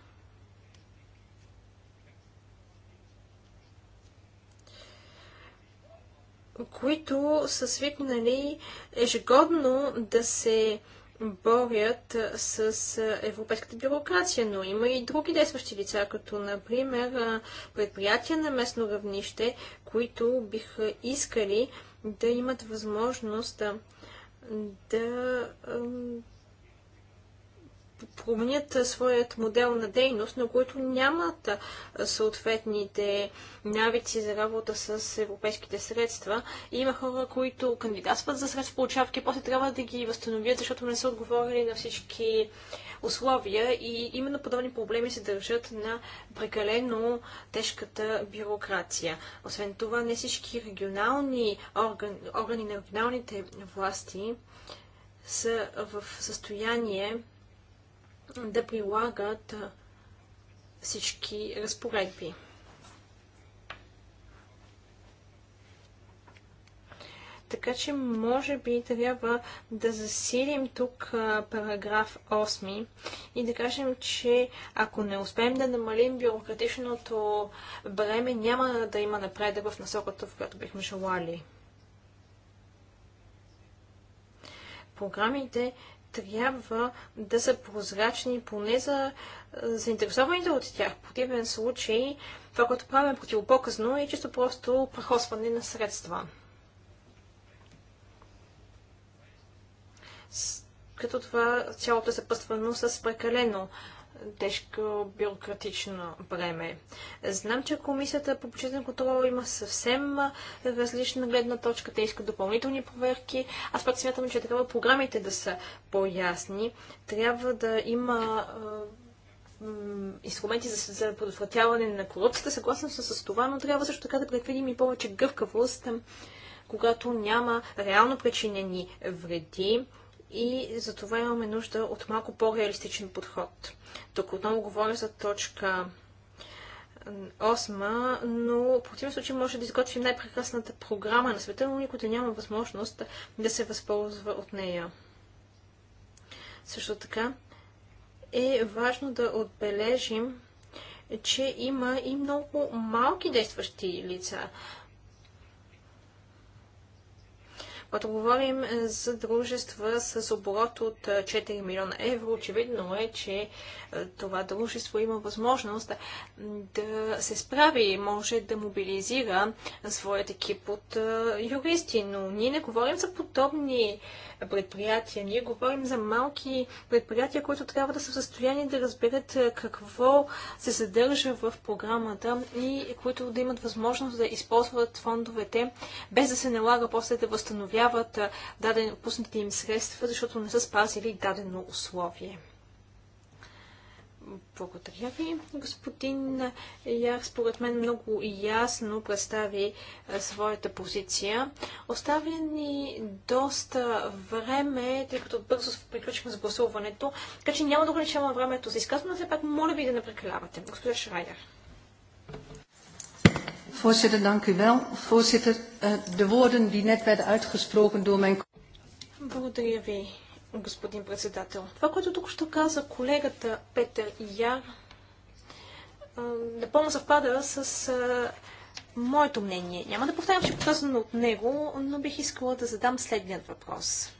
които са свикнали ежегодно да се борят с европейската бюрокрация, но има и други действащи лица, като например предприятия на местно равнище, които биха искали да имат възможност да, да променят своят модел на дейност, но които нямат съответните навици за работа с европейските средства. И има хора, които кандидатстват за средства получавки, после трябва да ги възстановят, защото не са отговорили на всички условия и именно подобни проблеми се държат на прекалено тежката бюрокрация. Освен това, не всички регионални орган, органи на регионалните власти са в състояние да прилагат всички разпоредби. Така че може би трябва да засилим тук параграф 8 и да кажем, че ако не успеем да намалим бюрократичното бреме, няма да има напредък в насоката, в която бихме желали. Програмите трябва да са прозрачни поне за заинтересованите от тях. В противен случай това, което правим е противопоказно е чисто просто прахосване на средства. Като това цялото е съпъствано с прекалено тежко бюрократично бреме. Знам, че комисията по бюджетен контрол има съвсем различна гледна точка. Те искат допълнителни проверки. Аз пък смятам, че трябва програмите да са по-ясни. Трябва да има инструменти за, за предотвратяване на корупцията. Съгласна съм с това, но трябва също така да предвидим и повече гъвкавост, когато няма реално причинени вреди и затова имаме нужда от малко по-реалистичен подход. Тук отново говоря за точка 8, но в противен случай може да изготвим най-прекрасната програма на света, но никой да няма възможност да се възползва от нея. Също така е важно да отбележим, че има и много малки действащи лица. Когато говорим за дружества с оборот от 4 милиона евро, очевидно е, че това дружество има възможност да се справи, може да мобилизира своят екип от юристи, но ние не говорим за подобни предприятия. Ние говорим за малки предприятия, които трябва да са в състояние да разберат какво се съдържа в програмата и които да имат възможност да използват фондовете, без да се налага после да възстановяват намаляват даден, пуснатите им средства, защото не са спазили дадено условие. Благодаря ви. Господин Яр, според мен, много ясно представи своята позиция. Оставя ни доста време, тъй като бързо приключихме с гласуването, така че няма да ограничаваме времето за изказване, но все пак моля ви да не прекалявате. Господин Шрайер. Voorzitter, dank u wel. Voorzitter, eh, de woorden die net werden uitgesproken door mijn... Благодаря ви, господин председател. Това, което тук ще каза колегата Петър Яр, е, напълно съвпада с а, е, моето мнение. Няма да повтарям всичко казано от него, но бих искала да задам следният въпрос.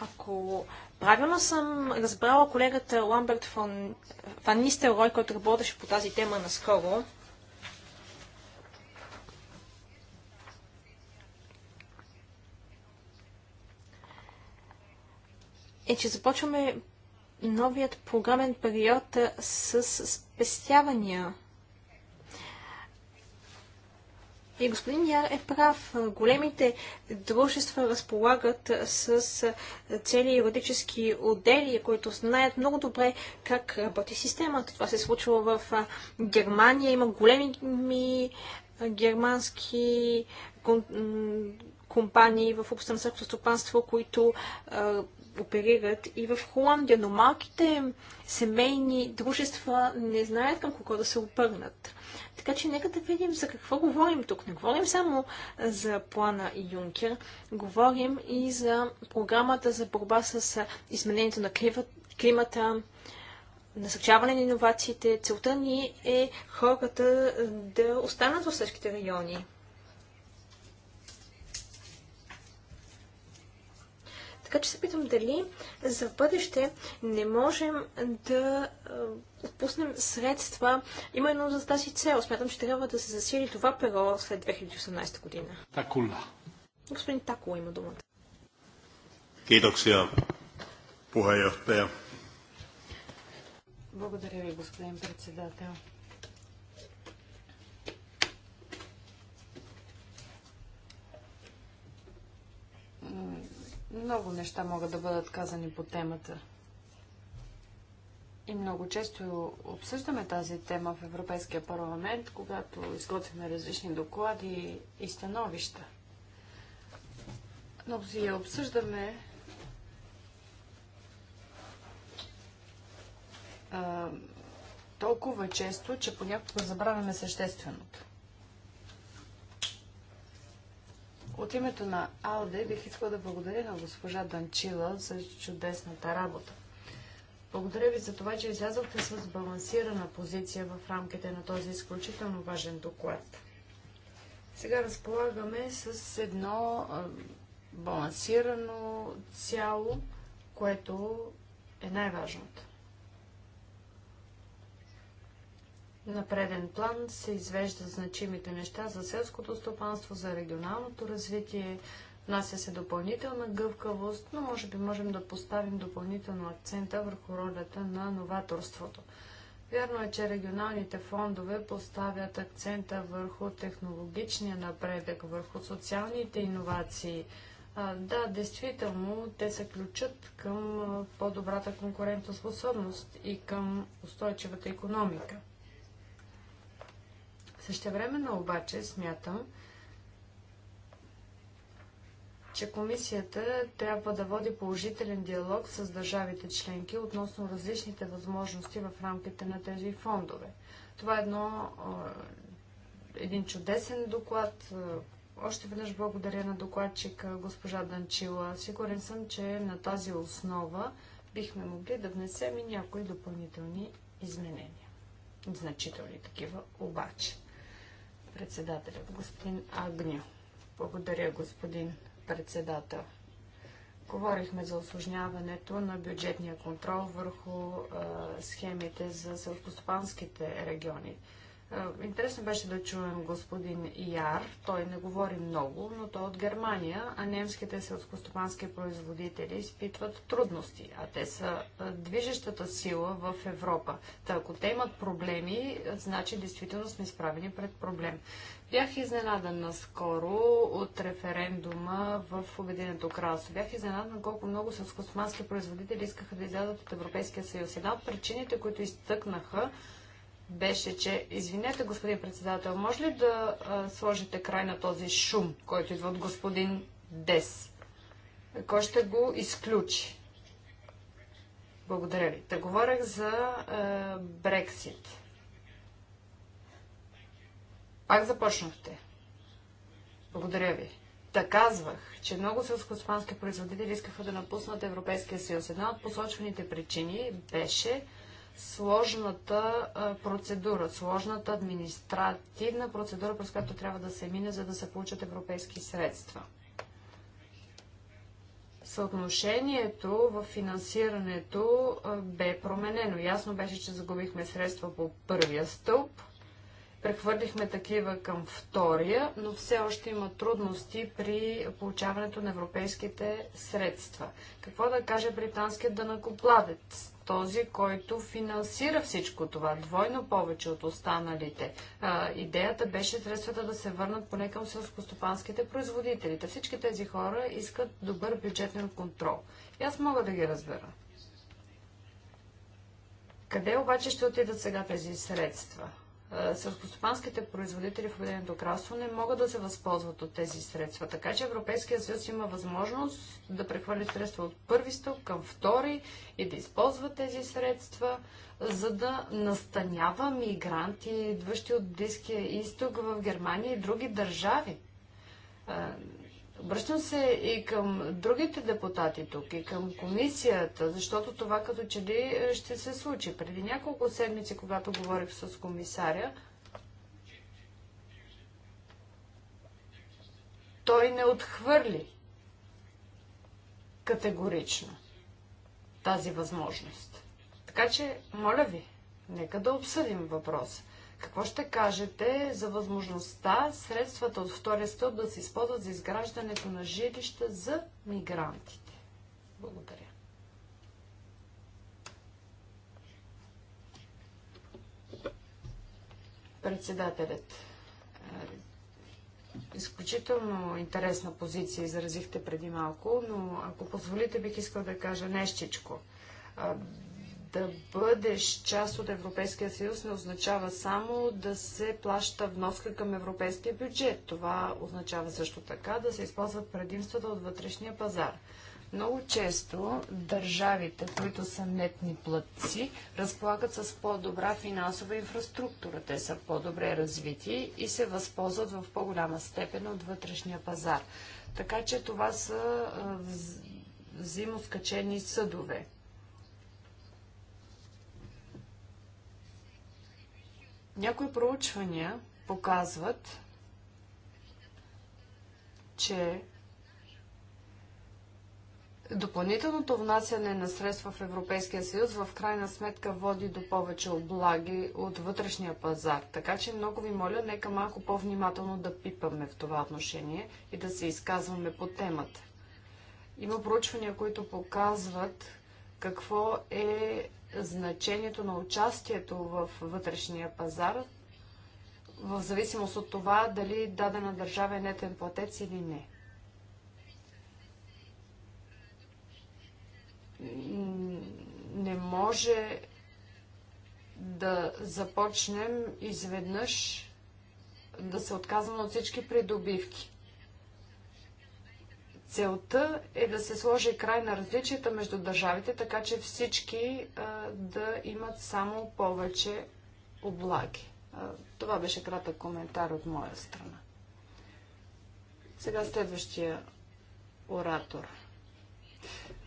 Ако правилно съм разбрала колегата Ламберт фон, Ван Нистелрой, който работеше по тази тема наскоро, е, че започваме новият програмен период с спестявания. И господин Яр е прав. Големите дружества разполагат с цели юридически отдели, които знаят много добре как работи системата. Това се случва в Германия. Има големи германски компании в областта на стопанство, които оперират и в Холандия, но малките семейни дружества не знаят към кого да се обърнат. Така че нека да видим за какво говорим тук. Не говорим само за плана Юнкер, говорим и за програмата за борба с изменението на климата, насъчаване на иновациите. Целта ни е хората да останат в същите райони. Така че се питам дали за бъдеще не можем да отпуснем средства именно за тази цел. Смятам, че трябва да се засили това перо след 2018 година. Такула. Господин Такула има думата. Kiitoksia, puheenjohtaja. Благодаря ви, господин председател. Много неща могат да бъдат казани по темата. И много често обсъждаме тази тема в Европейския парламент, когато изготвяме различни доклади и становища. Но си я обсъждаме а, толкова често, че понякога забравяме същественото. От името на АЛДЕ бих искала да благодаря на госпожа Данчила за чудесната работа. Благодаря ви за това, че излязохте с балансирана позиция в рамките на този изключително важен доклад. Сега разполагаме с едно балансирано цяло, което е най-важното. На преден план се извеждат значимите неща за селското стопанство, за регионалното развитие, внася се допълнителна гъвкавост, но може би можем да поставим допълнително акцента върху ролята на новаторството. Вярно е, че регионалните фондове поставят акцента върху технологичния напредък, върху социалните иновации. да, действително, те се ключат към по-добрата конкурентоспособност и към устойчивата економика. Същевременно обаче смятам, че комисията трябва да води положителен диалог с държавите членки относно различните възможности в рамките на тези фондове. Това е едно, един чудесен доклад. Още веднъж благодаря на докладчика госпожа Данчила. Сигурен съм, че на тази основа бихме могли да внесем и някои допълнителни изменения. Значителни такива обаче. Председателят, господин Агню. Благодаря, господин председател. Говорихме за осложняването на бюджетния контрол върху схемите за селскостопанските региони. Интересно беше да чуем господин Яр. Той не говори много, но той е от Германия, а немските селскостопански производители изпитват трудности, а те са движещата сила в Европа. Та ако те имат проблеми, значи действително сме изправени пред проблем. Бях изненадан наскоро от референдума в Обединеното кралство. Бях изненадан колко много селскостопански производители искаха да излязат от Европейския съюз. Една от причините, които изтъкнаха, беше, че извинете, господин председател, може ли да а, сложите край на този шум, който идва от господин Дес? Кой ще го изключи? Благодаря ви. Та говорех за Брексит. Пак започнахте. Благодаря ви. Та казвах, че много селскостопански производители искаха да напуснат Европейския съюз. Една от посочваните причини беше, сложната процедура, сложната административна процедура, през която трябва да се мине, за да се получат европейски средства. Съотношението в финансирането бе променено. Ясно беше, че загубихме средства по първия стълб, прехвърлихме такива към втория, но все още има трудности при получаването на европейските средства. Какво да каже британският данакоплатец? този, който финансира всичко това, двойно повече от останалите. А, идеята беше средствата да се върнат поне към селскостопанските производители. Всички тези хора искат добър бюджетен контрол. И аз мога да ги разбера. Къде обаче ще отидат сега тези средства? селскостопанските производители в Обединеното кралство не могат да се възползват от тези средства. Така че Европейския съюз има възможност да прехвърли средства от първи стълб към втори и да използва тези средства, за да настанява мигранти, идващи от Близкия изток в Германия и други държави. Обръщам се и към другите депутати тук, и към комисията, защото това като че ли е, ще се случи. Преди няколко седмици, когато говорих с комисаря, той не отхвърли категорично тази възможност. Така че, моля ви, нека да обсъдим въпроса. Какво ще кажете за възможността средствата от втория стълб да се използват за изграждането на жилища за мигрантите? Благодаря. Председателят. Е, изключително интересна позиция изразихте преди малко, но ако позволите, бих искал да кажа нещичко да бъдеш част от Европейския съюз не означава само да се плаща вноска към европейския бюджет. Това означава също така да се използват предимствата от вътрешния пазар. Много често държавите, които са нетни платци, разполагат с по-добра финансова инфраструктура. Те са по-добре развити и се възползват в по-голяма степен от вътрешния пазар. Така че това са взаимоскачени съдове. Някои проучвания показват, че допълнителното внасяне на средства в Европейския съюз в крайна сметка води до повече облаги от вътрешния пазар. Така че много ви моля, нека малко по-внимателно да пипаме в това отношение и да се изказваме по темата. Има проучвания, които показват какво е значението на участието в вътрешния пазар, в зависимост от това дали дадена държава е нетен платец или не. Не може да започнем изведнъж да се отказваме от всички придобивки. Целта е да се сложи край на различията между държавите, така че всички а, да имат само повече облаги. А, това беше кратък коментар от моя страна. Сега следващия оратор.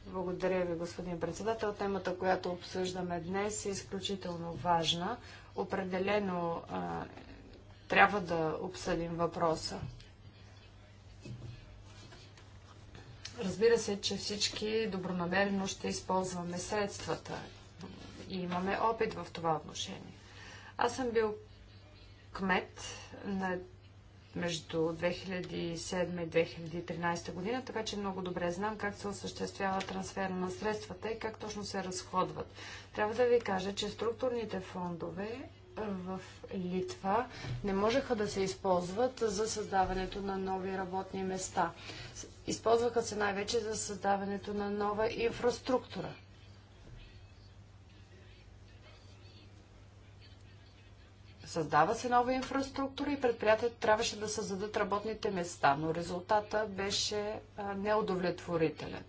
Благодаря ви, господин председател. Темата, която обсъждаме днес е изключително важна. Определено а, трябва да обсъдим въпроса. Разбира се, че всички добронамерено ще използваме средствата и имаме опит в това отношение. Аз съм бил кмет на между 2007 и 2013 година, така че много добре знам как се осъществява трансфер на средствата и как точно се разходват. Трябва да ви кажа, че структурните фондове в Литва не можеха да се използват за създаването на нови работни места. Използваха се най-вече за създаването на нова инфраструктура. Създава се нова инфраструктура и предприятията трябваше да създадат работните места, но резултата беше неудовлетворителен.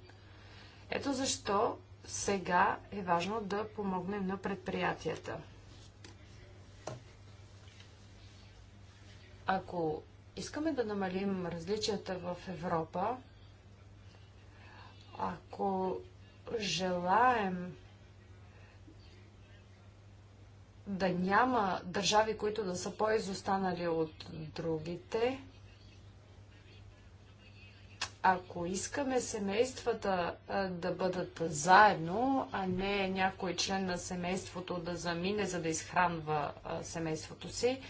Ето защо сега е важно да помогнем на предприятията. Ако искаме да намалим различията в Европа, ако желаем да няма държави, които да са по-изостанали от другите, ако искаме семействата да бъдат заедно, а не някой член на семейството да замине, за да изхранва семейството си,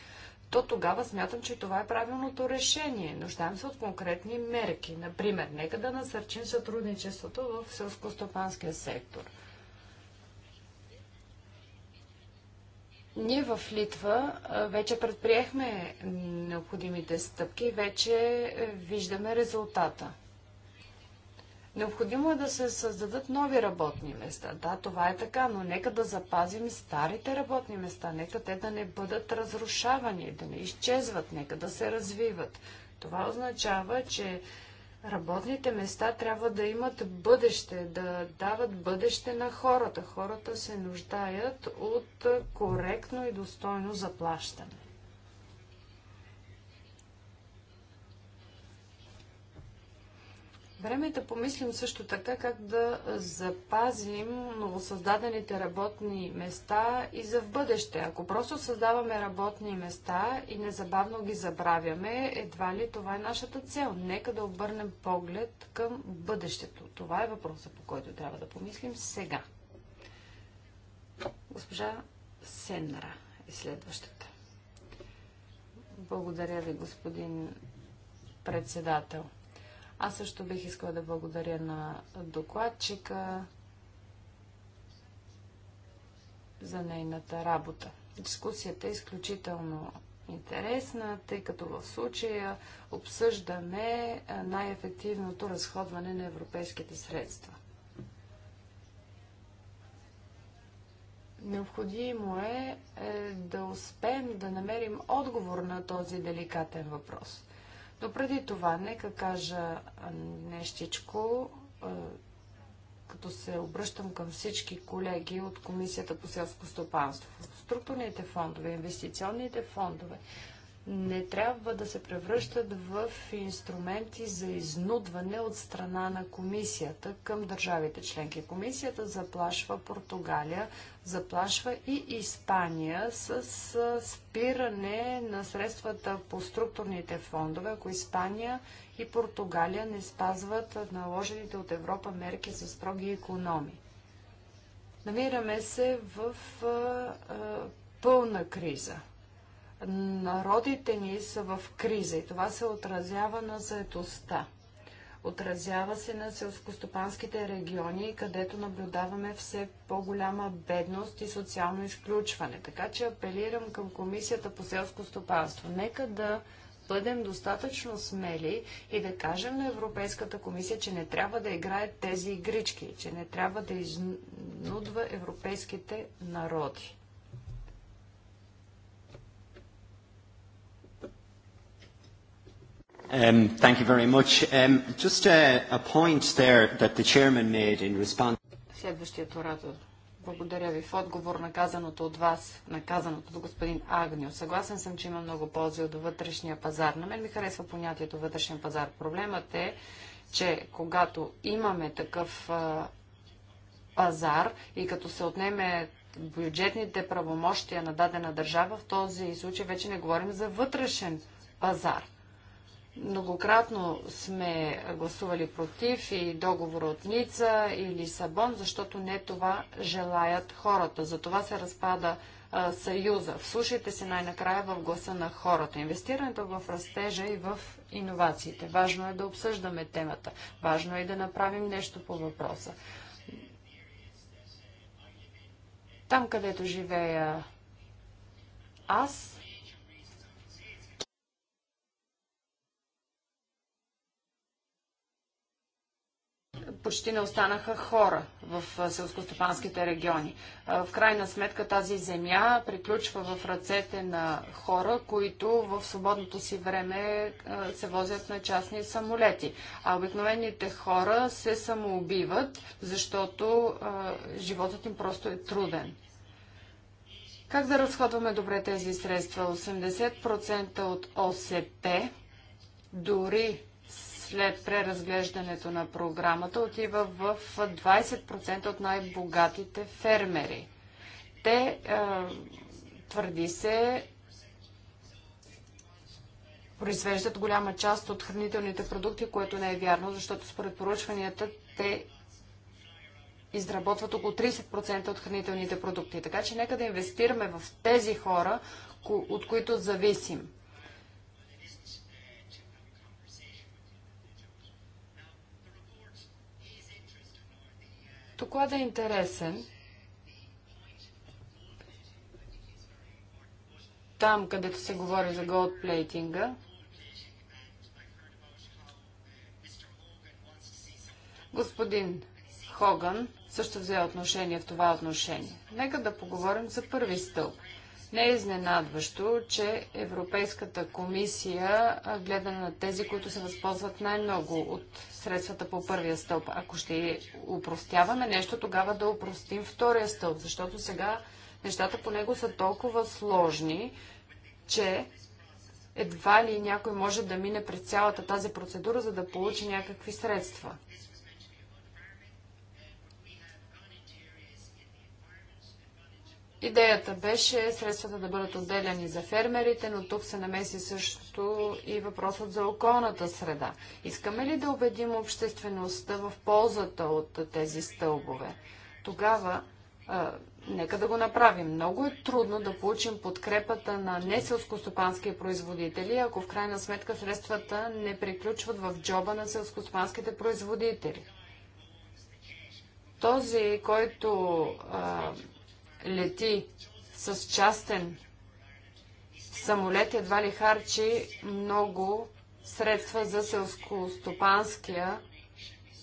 то тогава смятам, че това е правилното решение. Нуждаем се от конкретни мерки. Например, нека да насърчим сътрудничеството в селско селско-стопанския сектор. Ние в Литва вече предприехме необходимите стъпки, вече виждаме резултата. Необходимо е да се създадат нови работни места. Да, това е така, но нека да запазим старите работни места, нека те да не бъдат разрушавани, да не изчезват, нека да се развиват. Това означава, че работните места трябва да имат бъдеще, да дават бъдеще на хората. Хората се нуждаят от коректно и достойно заплащане. Време е да помислим също така как да запазим новосъздадените работни места и за в бъдеще. Ако просто създаваме работни места и незабавно ги забравяме, едва ли това е нашата цел. Нека да обърнем поглед към бъдещето. Това е въпросът, по който трябва да помислим сега. Госпожа Сенра е следващата. Благодаря ви, господин председател. Аз също бих искала да благодаря на докладчика за нейната работа. Дискусията е изключително интересна, тъй като в случая обсъждаме най-ефективното разходване на европейските средства. Необходимо е, е, да успеем да намерим отговор на този деликатен въпрос – но преди това, нека кажа нещичко, като се обръщам към всички колеги от Комисията по селско стопанство. Структурните фондове, инвестиционните фондове не трябва да се превръщат в инструменти за изнудване от страна на комисията към държавите членки. Комисията заплашва Португалия, заплашва и Испания с спиране на средствата по структурните фондове, ако Испания и Португалия не спазват наложените от Европа мерки за строги економи, Намираме се в пълна криза. Народите ни са в криза и това се отразява на заедостта. Отразява се на селскостопанските региони, където наблюдаваме все по-голяма бедност и социално изключване. Така че апелирам към Комисията по селско стопанство. Нека да бъдем достатъчно смели и да кажем на Европейската комисия, че не трябва да играе тези игрички, че не трябва да изнудва европейските народи. Um, thank you very much. Um, just a, a point there that the chairman made in response. Следващият оратор. Благодаря ви в отговор на казаното от вас, на казаното от господин Агнио. Съгласен съм, че има много ползи от вътрешния пазар. На мен ми харесва понятието вътрешен пазар. Проблемът е, че когато имаме такъв а, пазар и като се отнеме бюджетните правомощия на дадена държава, в този случай вече не говорим за вътрешен пазар. Многократно сме гласували против и договор от Ница и Лисабон, защото не това желаят хората. За това се разпада а, Съюза. Вслушайте се най-накрая в гласа на хората. Инвестирането в растежа и в иновациите. Важно е да обсъждаме темата. Важно е да направим нещо по въпроса. Там, където живея аз, почти не останаха хора в селскостопанските региони. В крайна сметка тази земя приключва в ръцете на хора, които в свободното си време се возят на частни самолети. А обикновените хора се самоубиват, защото животът им просто е труден. Как да разходваме добре тези средства? 80% от ОСП, дори след преразглеждането на програмата отива в 20% от най-богатите фермери. Те, е, твърди се, произвеждат голяма част от хранителните продукти, което не е вярно, защото според поручванията те изработват около 30% от хранителните продукти. Така че нека да инвестираме в тези хора, от които зависим. Докладът е интересен. Там, където се говори за голдплейтинга, господин Хоган също взе отношение в това отношение. Нека да поговорим за първи стълб. Не е изненадващо, че Европейската комисия гледа на тези, които се възползват най-много от средствата по първия стълб. Ако ще упростяваме нещо, тогава да упростим втория стълб, защото сега нещата по него са толкова сложни, че едва ли някой може да мине през цялата тази процедура, за да получи някакви средства. Идеята беше средствата да бъдат отделяни за фермерите, но тук се намеси също и въпросът за околната среда. Искаме ли да убедим обществеността в ползата от тези стълбове? Тогава а, нека да го направим. Много е трудно да получим подкрепата на неселскостопански производители, ако в крайна сметка средствата не приключват в джоба на селскостопанските производители. Този, който а, лети с частен самолет, едва ли харчи много средства за селско-стопанския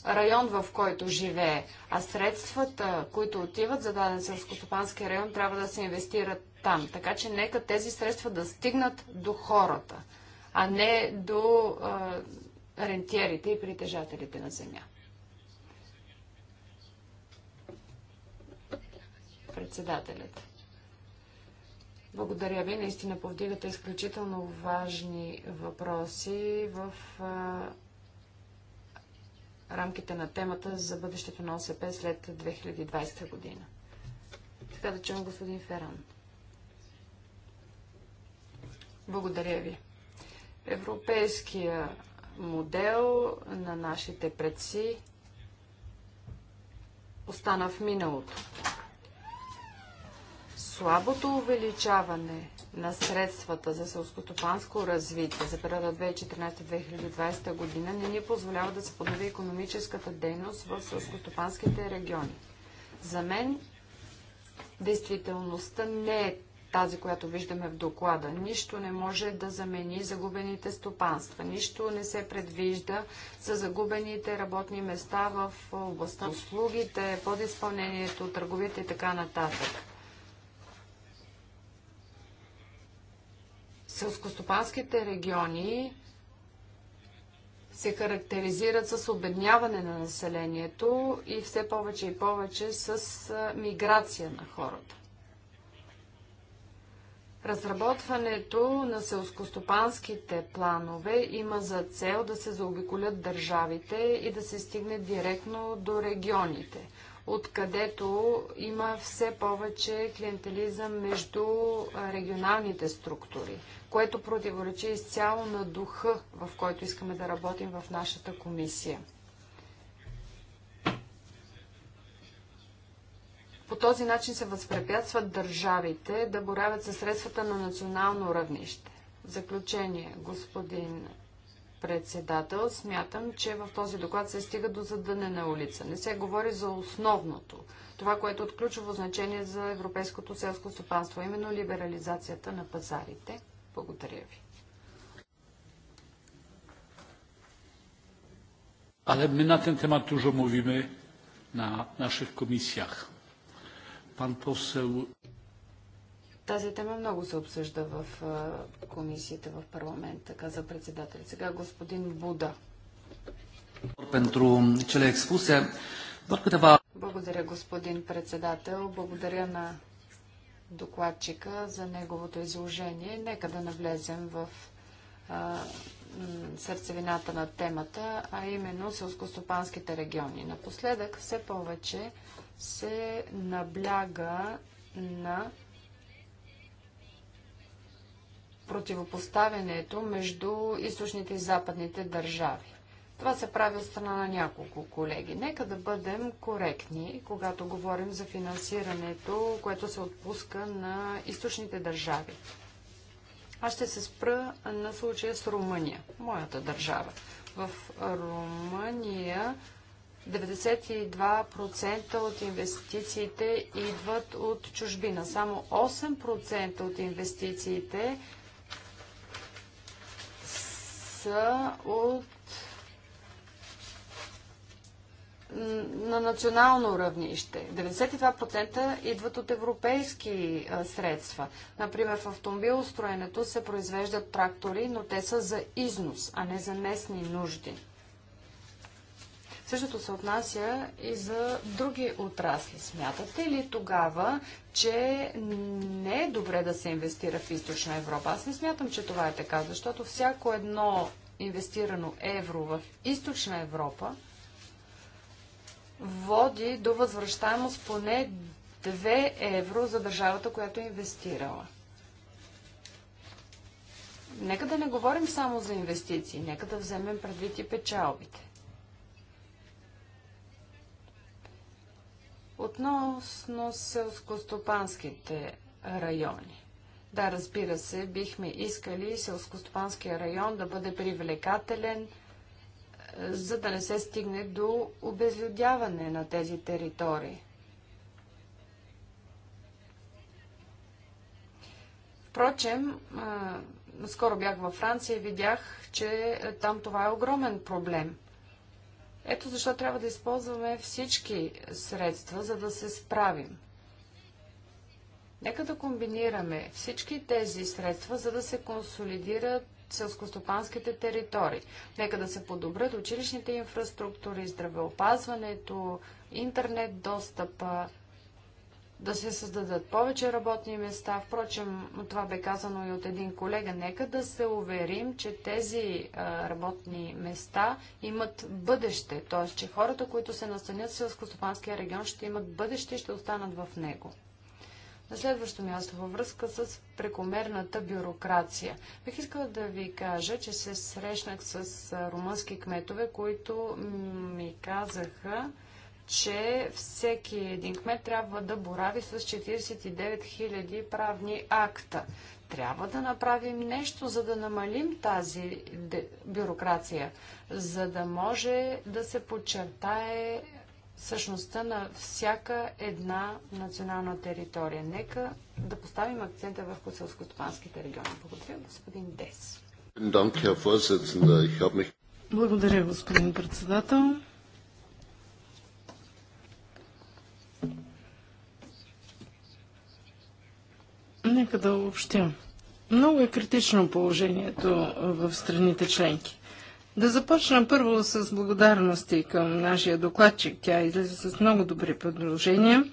район, в който живее. А средствата, които отиват за даден селскостопански район, трябва да се инвестират там. Така че нека тези средства да стигнат до хората, а не до а, рентиерите и притежателите на земя. председателят. Благодаря ви. Наистина повдигате изключително важни въпроси в а, рамките на темата за бъдещето на ОСП след 2020 година. Така да чуем господин Феран. Благодаря ви. Европейския модел на нашите предци остана в миналото слабото увеличаване на средствата за селскостопанско развитие за периода 2014-2020 година не ни позволява да се поднови економическата дейност в селскостопанските региони. За мен действителността не е тази, която виждаме в доклада. Нищо не може да замени загубените стопанства. Нищо не се предвижда за загубените работни места в областта услугите, подизпълнението, търговите и така нататък. Селскостопанските региони се характеризират с обедняване на населението и все повече и повече с миграция на хората. Разработването на селскостопанските планове има за цел да се заобиколят държавите и да се стигне директно до регионите, откъдето има все повече клиентелизъм между регионалните структури което противоречи изцяло на духа, в който искаме да работим в нашата комисия. По този начин се възпрепятстват държавите да боравят със средствата на национално равнище. В заключение, господин председател, смятам, че в този доклад се стига до задънена улица. Не се говори за основното, това, което е ключово значение за европейското селско стопанство, именно либерализацията на пазарите. Благодаря ви. Ale my na ten temat dużo mówimy na naszych komisjach. Pan poseł. Тази тема много се обсъжда в е, комисията в парламента, каза председател. Сега господин Буда. Благодаря, господин председател. Благодаря на докладчика за неговото изложение. Нека да навлезем в а, сърцевината на темата, а именно селскостопанските региони. Напоследък все повече се набляга на противопоставянето между източните и западните държави. Това се прави от страна на няколко колеги. Нека да бъдем коректни, когато говорим за финансирането, което се отпуска на източните държави. Аз ще се спра на случая с Румъния, моята държава. В Румъния 92% от инвестициите идват от чужбина. Само 8% от инвестициите са от на национално равнище. 92% идват от европейски средства. Например, в автомобилостроенето се произвеждат трактори, но те са за износ, а не за местни нужди. Същото се отнася и за други отрасли. Смятате ли тогава, че не е добре да се инвестира в източна Европа? Аз не смятам, че това е така, защото всяко едно инвестирано евро в източна Европа води до възвръщаемост поне 2 евро за държавата, която е инвестирала. Нека да не говорим само за инвестиции, нека да вземем предвид и печалбите. Относно селскостопанските райони. Да, разбира се, бихме искали селскостопанския район да бъде привлекателен – за да не се стигне до обезлюдяване на тези територии. Впрочем, скоро бях във Франция и видях, че там това е огромен проблем. Ето защо трябва да използваме всички средства, за да се справим. Нека да комбинираме всички тези средства, за да се консолидират селскостопанските територии. Нека да се подобрят училищните инфраструктури, здравеопазването, интернет достъпа, да се създадат повече работни места. Впрочем, това бе казано и от един колега. Нека да се уверим, че тези работни места имат бъдеще, т.е. че хората, които се настанят в селскостопанския регион, ще имат бъдеще и ще останат в него. На следващо място, във връзка с прекомерната бюрокрация. Бих искала да ви кажа, че се срещнах с румънски кметове, които ми казаха, че всеки един кмет трябва да борави с 49 000 правни акта. Трябва да направим нещо, за да намалим тази бюрокрация, за да може да се подчертае същността на всяка една национална територия. Нека да поставим акцента върху селско-стопанските региони. Благодаря, господин Дес. Благодаря, господин председател. Нека да обобщя. Много е критично положението в страните членки. Да започна първо с благодарности към нашия докладчик. Тя излезе с много добри предложения.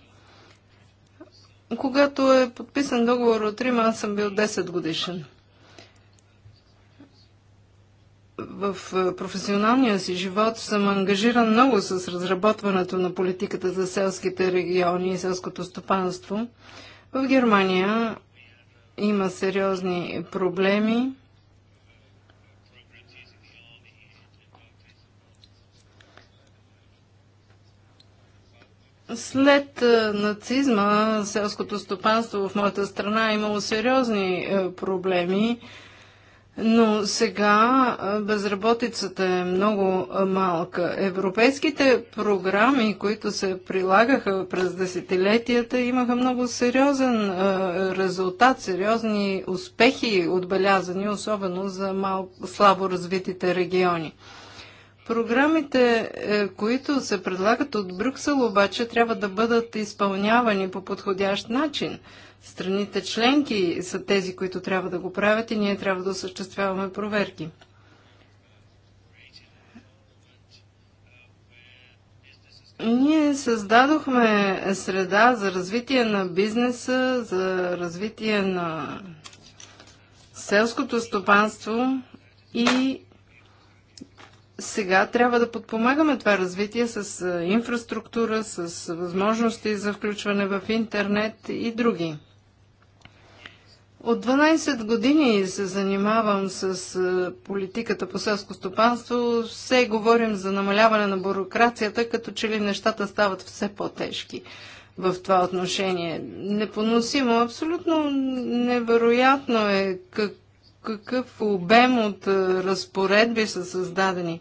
Когато е подписан договор от Рима, аз съм бил 10 годишен. В е, професионалния си живот съм ангажиран много с разработването на политиката за селските региони и селското стопанство. В Германия има сериозни проблеми След е, нацизма, селското стопанство в моята страна е имало сериозни е, проблеми, но сега е, безработицата е много малка. Европейските програми, които се прилагаха през десетилетията, имаха много сериозен резултат, сериозни успехи отбелязани, особено за мал... слабо развитите региони. Програмите, е, които се предлагат от Брюксел, обаче трябва да бъдат изпълнявани по подходящ начин. Страните членки са тези, които трябва да го правят и ние трябва да осъществяваме проверки. Ние създадохме среда за развитие на бизнеса, за развитие на селското стопанство и сега трябва да подпомагаме това развитие с инфраструктура, с възможности за включване в интернет и други. От 12 години се занимавам с политиката по селско стопанство. Все говорим за намаляване на бюрокрацията, като че ли нещата стават все по-тежки в това отношение. Непоносимо, абсолютно невероятно е как, какъв обем от разпоредби са създадени.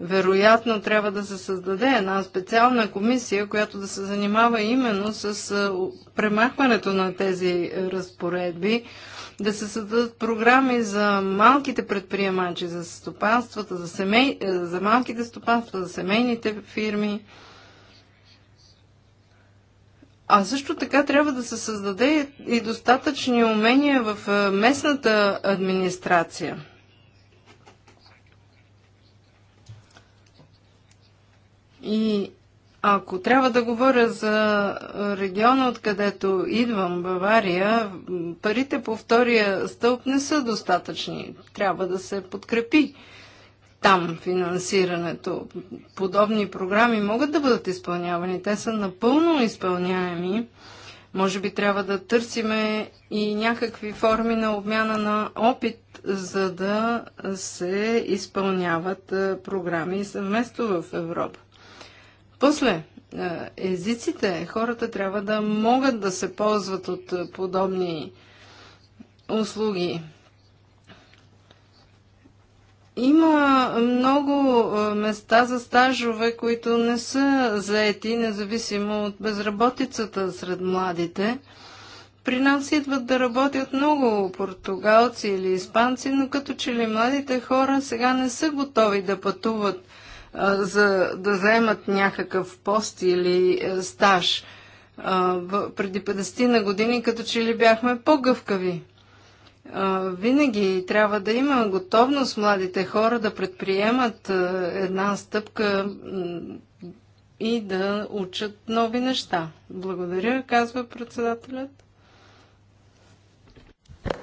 Вероятно трябва да се създаде една специална комисия, която да се занимава именно с премахването на тези разпоредби, да се създадат програми за малките предприемачи, за стопанствата, за, семей... за малките стопанства, за семейните фирми. А също така трябва да се създаде и достатъчни умения в е, местната администрация. И ако трябва да говоря за региона, откъдето идвам, Бавария, парите по втория стълб не са достатъчни. Трябва да се подкрепи там финансирането. Подобни програми могат да бъдат изпълнявани. Те са напълно изпълняеми. Може би трябва да търсиме и някакви форми на обмяна на опит, за да се изпълняват програми съвместно в Европа. После, езиците, хората трябва да могат да се ползват от подобни услуги. Има много места за стажове, които не са заети, независимо от безработицата сред младите. При нас идват да работят много португалци или испанци, но като че ли младите хора сега не са готови да пътуват, а, за да вземат някакъв пост или а, стаж. А, преди 50 на години като че ли бяхме по-гъвкави винаги трябва да има готовност младите хора да предприемат една стъпка и да учат нови неща. Благодаря, казва председателят.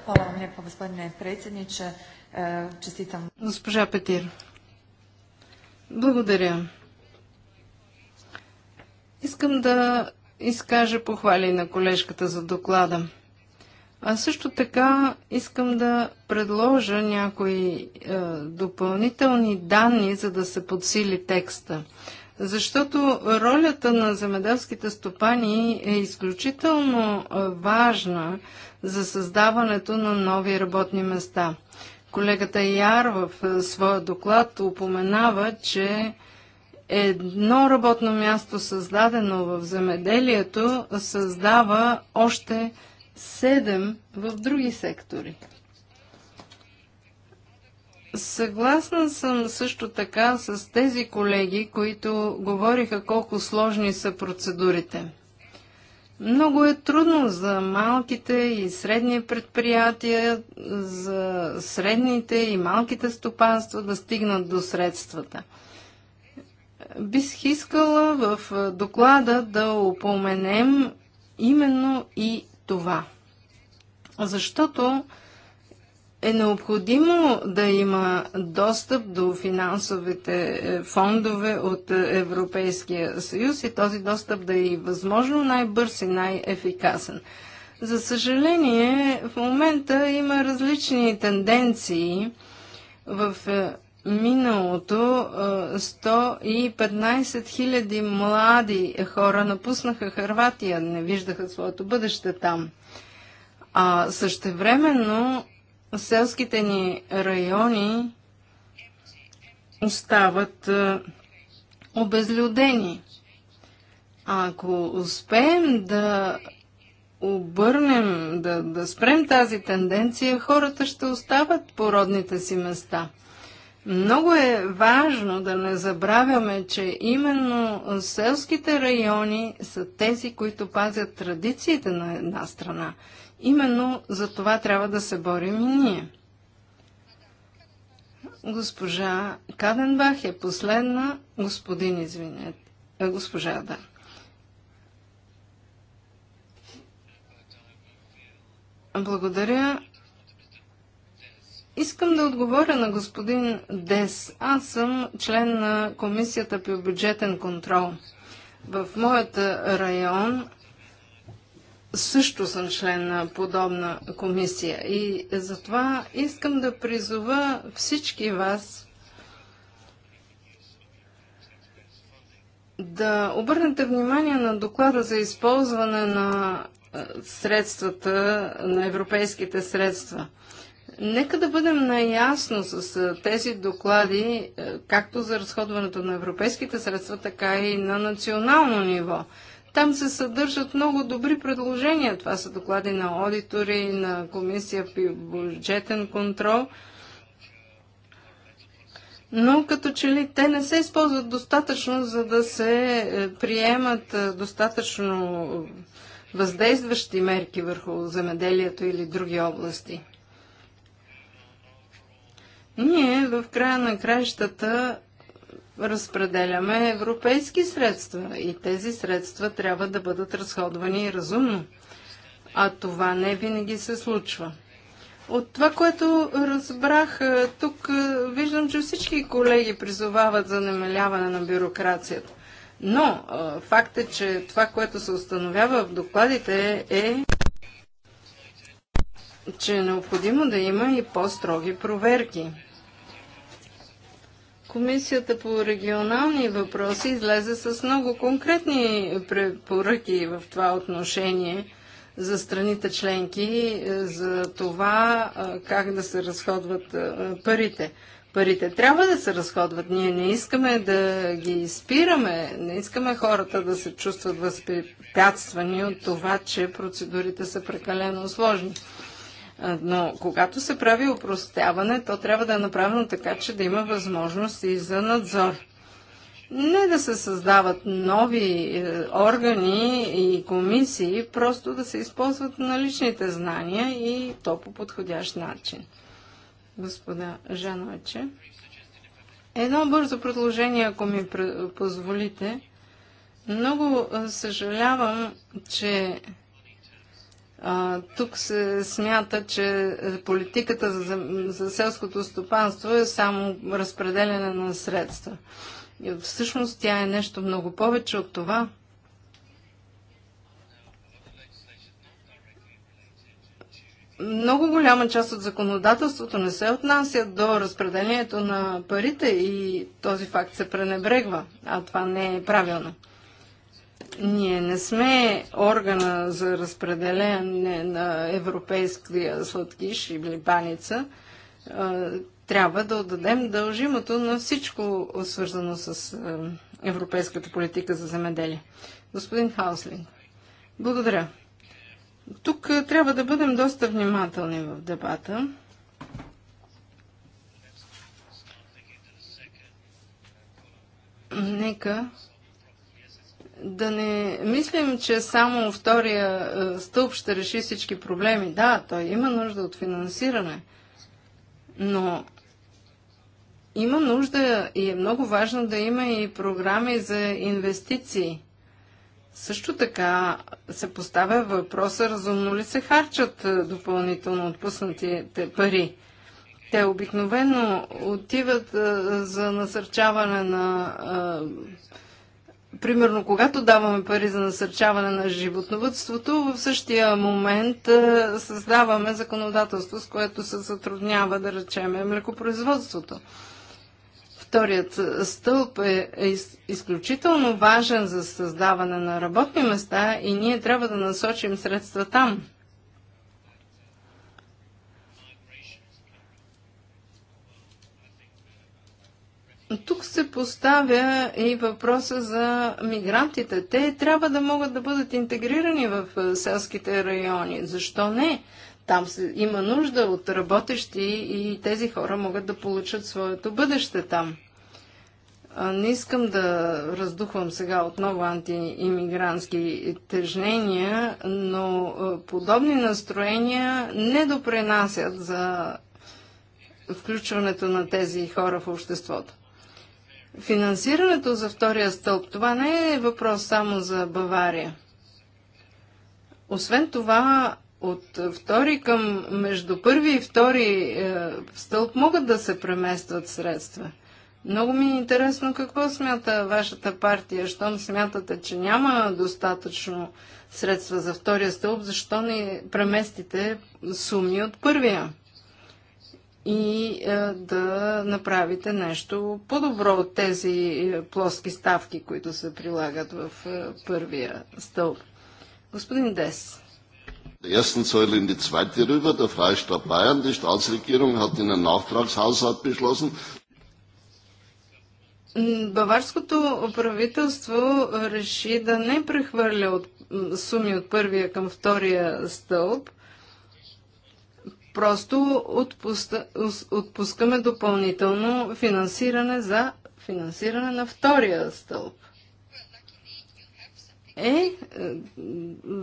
Hvala vam lijepo, gospodine predsjedniče. Čestitam. Е, Госпожа Петир. Благодаря. Искам да изкажа похвали на колежката за доклада. А също така искам да предложа някои е, допълнителни данни, за да се подсили текста. Защото ролята на земеделските стопани е изключително е, важна за създаването на нови работни места. Колегата Яр в е, своя доклад упоменава, че едно работно място, създадено в земеделието, създава още 7 в други сектори. Съгласна съм също така с тези колеги, които говориха колко сложни са процедурите. Много е трудно за малките и средни предприятия, за средните и малките стопанства да стигнат до средствата. Бих искала в доклада да упоменем именно и това. Защото е необходимо да има достъп до финансовите е, фондове от е, Европейския съюз и този достъп да е възможно най-бърз и най-ефикасен. За съжаление, в момента има различни тенденции в е, миналото 115 000 млади хора напуснаха Харватия, не виждаха своето бъдеще там. А същевременно селските ни райони остават обезлюдени. Ако успеем да обърнем, да, да спрем тази тенденция, хората ще остават по родните си места – много е важно да не забравяме, че именно селските райони са тези, които пазят традициите на една страна. Именно за това трябва да се борим и ние. Госпожа Каденбах е последна. Господин, извинете. Е, госпожа, да. Благодаря. Искам да отговоря на господин Дес. Аз съм член на Комисията по бюджетен контрол. В моят район също съм член на подобна комисия и затова искам да призова всички вас да обърнете внимание на доклада за използване на е, средствата, на европейските средства – Нека да бъдем наясно с тези доклади, както за разходването на европейските средства, така и на национално ниво. Там се съдържат много добри предложения. Това са доклади на аудитори, на комисия по бюджетен контрол. Но като че ли те не се използват достатъчно, за да се е, приемат е, достатъчно въздействащи мерки върху земеделието или други области. Ние в края на краищата разпределяме европейски средства и тези средства трябва да бъдат разходвани разумно. А това не винаги се случва. От това, което разбрах е, тук, е, виждам, че всички колеги призовават за намаляване на бюрокрацията. Но е, факт е, че това, което се установява в докладите е, че е необходимо да има и по-строги проверки. Комисията по регионални въпроси излезе с много конкретни препоръки в това отношение за страните членки, е, за това е, как да се разходват е, парите. Парите трябва да се разходват. Ние не искаме да ги изпираме, не искаме хората да се чувстват възпрепятствани от това, че процедурите са прекалено сложни. Но когато се прави упростяване, то трябва да е направено така, че да има възможност и за надзор. Не да се създават нови е, органи и комисии, просто да се използват наличните знания и то по подходящ начин. Господа Жановиче. Едно бързо предложение, ако ми позволите. Много е, съжалявам, че тук се смята, че политиката за, за селското стопанство е само разпределяне на средства. И всъщност тя е нещо много повече от това. Много голяма част от законодателството не се отнася до разпределението на парите и този факт се пренебрегва, а това не е правилно. Ние не сме органа за разпределение на европейския сладкиш или баница. Трябва да отдадем дължимото на всичко, свързано с европейската политика за земеделие. Господин Хауслинг, благодаря. Тук трябва да бъдем доста внимателни в дебата. Нека да не мислим, че само втория е, стълб ще реши всички проблеми. Да, той има нужда от финансиране, но има нужда и е много важно да има и програми за инвестиции. Също така се поставя въпроса, разумно ли се харчат е, допълнително отпуснатите пари. Те обикновено отиват е, за насърчаване на а, примерно, когато даваме пари за насърчаване на животновътството, в същия момент създаваме законодателство, с което се затруднява, да речеме, млекопроизводството. Вторият стълб е, е изключително важен за създаване на работни места и ние трябва да насочим средства там – Тук се поставя и въпроса за мигрантите. Те трябва да могат да бъдат интегрирани в е, селските райони. Защо не? Там има нужда от работещи и тези хора могат да получат своето бъдеще там. Не искам да раздухвам сега отново антиимигрантски тежнения, но е, подобни настроения не допренасят за включването на тези хора в обществото. Финансирането за втория стълб, това не е въпрос само за Бавария. Освен това, от втори към между първи и втори е, стълб могат да се преместват средства. Много ми е интересно какво смята вашата партия, щом смятате, че няма достатъчно средства за втория стълб, защо не преместите суми от първия? и е, да направите нещо по-добро от тези е, плоски ставки, които се прилагат в е, първия стълб. Господин Дес. der ersten Säule in die zweite rüber, der Freistaat Bayern. Die Staatsregierung hat einen Nachtragshaushalt beschlossen. Баварското правителство реши да не прехвърля от, суми от първия към втория стълб, Просто отпускаме допълнително финансиране за финансиране на втория стълб. Е, е,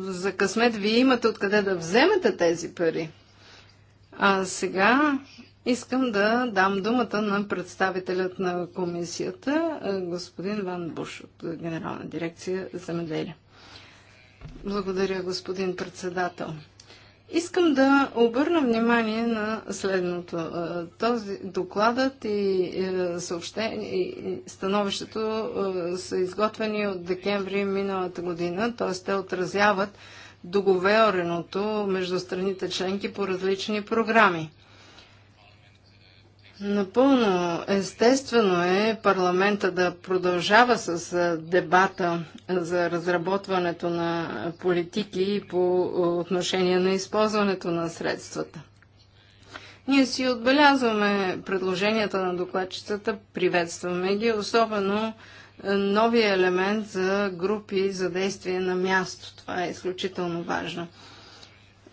за късмет вие имате откъде да вземете тези пари. А сега искам да дам думата на представителят на комисията, е, господин Ван Буш от Генерална дирекция за Земеделие. Благодаря, господин председател. Искам да обърна внимание на следното. Е, този докладът и, е, съобщение, и становището е, са изготвени от декември миналата година, т.е. те отразяват договореното между страните членки по различни програми. Напълно естествено е парламента да продължава с дебата за разработването на политики по отношение на използването на средствата. Ние си отбелязваме предложенията на докладчицата, приветстваме ги, особено новия елемент за групи за действие на място. Това е изключително важно.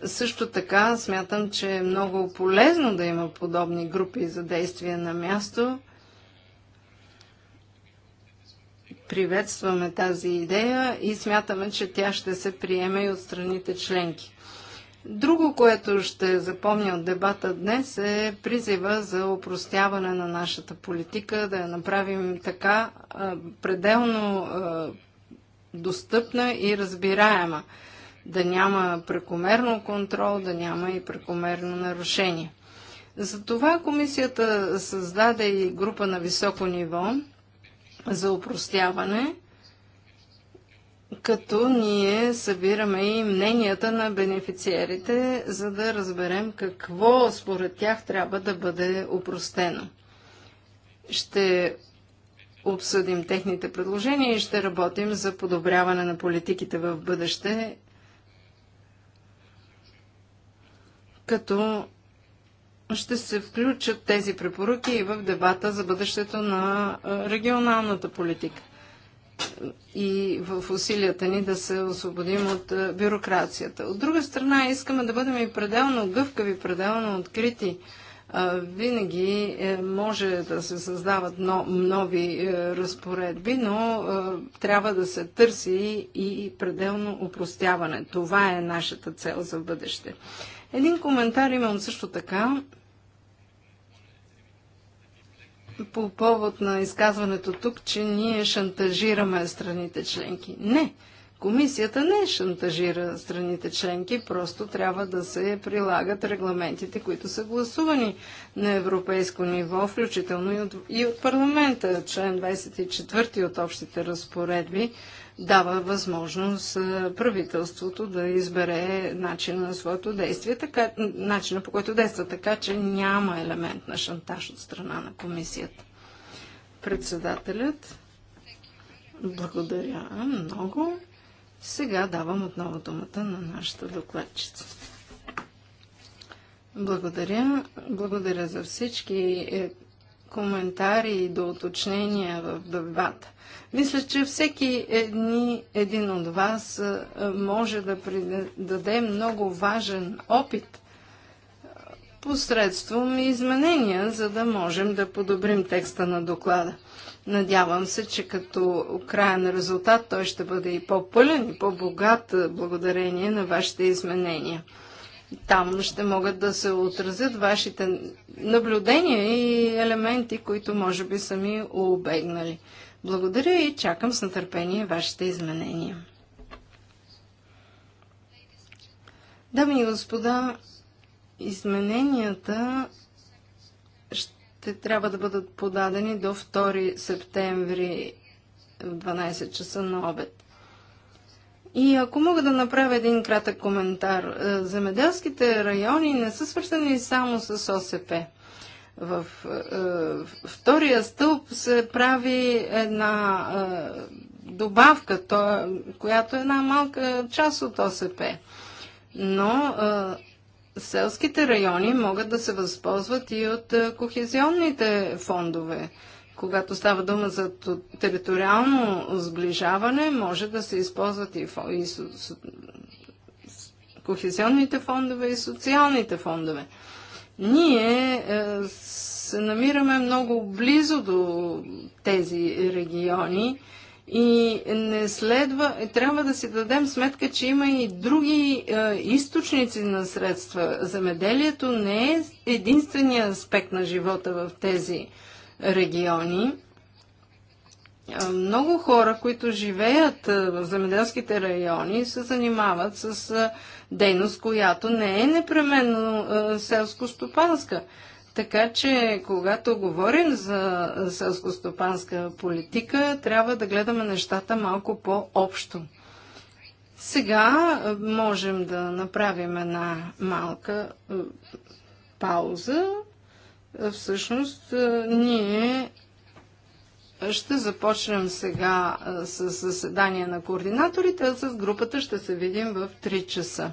Също така смятам, че е много полезно да има подобни групи за действие на място. Приветстваме тази идея и смятаме, че тя ще се приеме и от страните членки. Друго, което ще запомня от дебата днес е призива за упростяване на нашата политика, да я направим така а, пределно а, достъпна и разбираема да няма прекомерно контрол, да няма и прекомерно нарушение. Затова комисията създаде и група на високо ниво за упростяване, като ние събираме и мненията на бенефициерите, за да разберем какво според тях трябва да бъде упростено. Ще обсъдим техните предложения и ще работим за подобряване на политиките в бъдеще като ще се включат тези препоръки и в дебата за бъдещето на регионалната политика и в усилията ни да се освободим от бюрокрацията. От друга страна, искаме да бъдем и пределно гъвкави, пределно открити. Винаги е, може да се създават нови е, разпоредби, но трябва да се търси и пределно упростяване. Това е нашата цел за бъдеще. Един коментар имам също така по повод на изказването тук, че ние шантажираме страните членки. Не, комисията не шантажира страните членки, просто трябва да се прилагат регламентите, които са гласувани на европейско ниво, включително и от, и от парламента, член 24 от общите разпоредби дава възможност правителството да избере начина на своето действие, така, начина по който действа, така че няма елемент на шантаж от страна на комисията. Председателят, благодаря много. Сега давам отново думата на нашата докладчица. Благодаря. Благодаря за всички е, коментари и до уточнения в дебата. Мисля, че всеки едни, един от вас може да даде много важен опит посредством изменения, за да можем да подобрим текста на доклада. Надявам се, че като краен резултат той ще бъде и по-пълен и по-богат благодарение на вашите изменения. Там ще могат да се отразят вашите наблюдения и елементи, които може би са ми обегнали. Благодаря и чакам с нетърпение вашите изменения. Дами и господа, измененията ще трябва да бъдат подадени до 2 септември в 12 часа на обед. И ако мога да направя един кратък коментар, е, земеделските райони не са свързани само с ОСП. В в е, втория стълб се прави една е, добавка, то, която е една малка част от ОСП. Но селските райони могат да се възползват и от кохезионните фондове когато става дума за териториално сближаване, може да се използват и, фо... и со... кохезионните фондове и социалните фондове. Ние е, се намираме много близо до тези региони и не следва, трябва да си дадем сметка, че има и други е, източници на средства. Замеделието не е единствения аспект на живота в тези региони. Много хора, които живеят в земеделските райони, се занимават с дейност, която не е непременно селско-стопанска. Така че, когато говорим за селско-стопанска политика, трябва да гледаме нещата малко по-общо. Сега можем да направим една малка пауза е, всъщност, е, ние ще започнем сега е, с заседание на координаторите, а с групата ще се видим в 3 часа.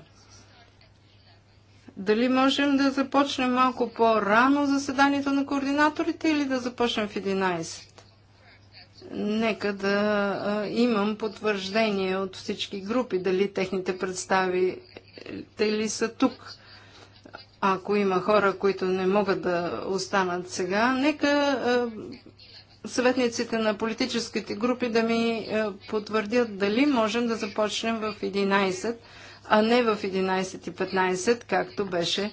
Дали можем да започнем малко по-рано заседанието на координаторите или да започнем в 11? Нека да имам потвърждение от всички групи, дали техните представители са тук ако има хора, които не могат да останат сега, нека съветниците на политическите групи да ми потвърдят дали можем да започнем в 11, а не в 11.15, както беше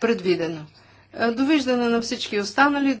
предвидено. Довиждане на всички останали.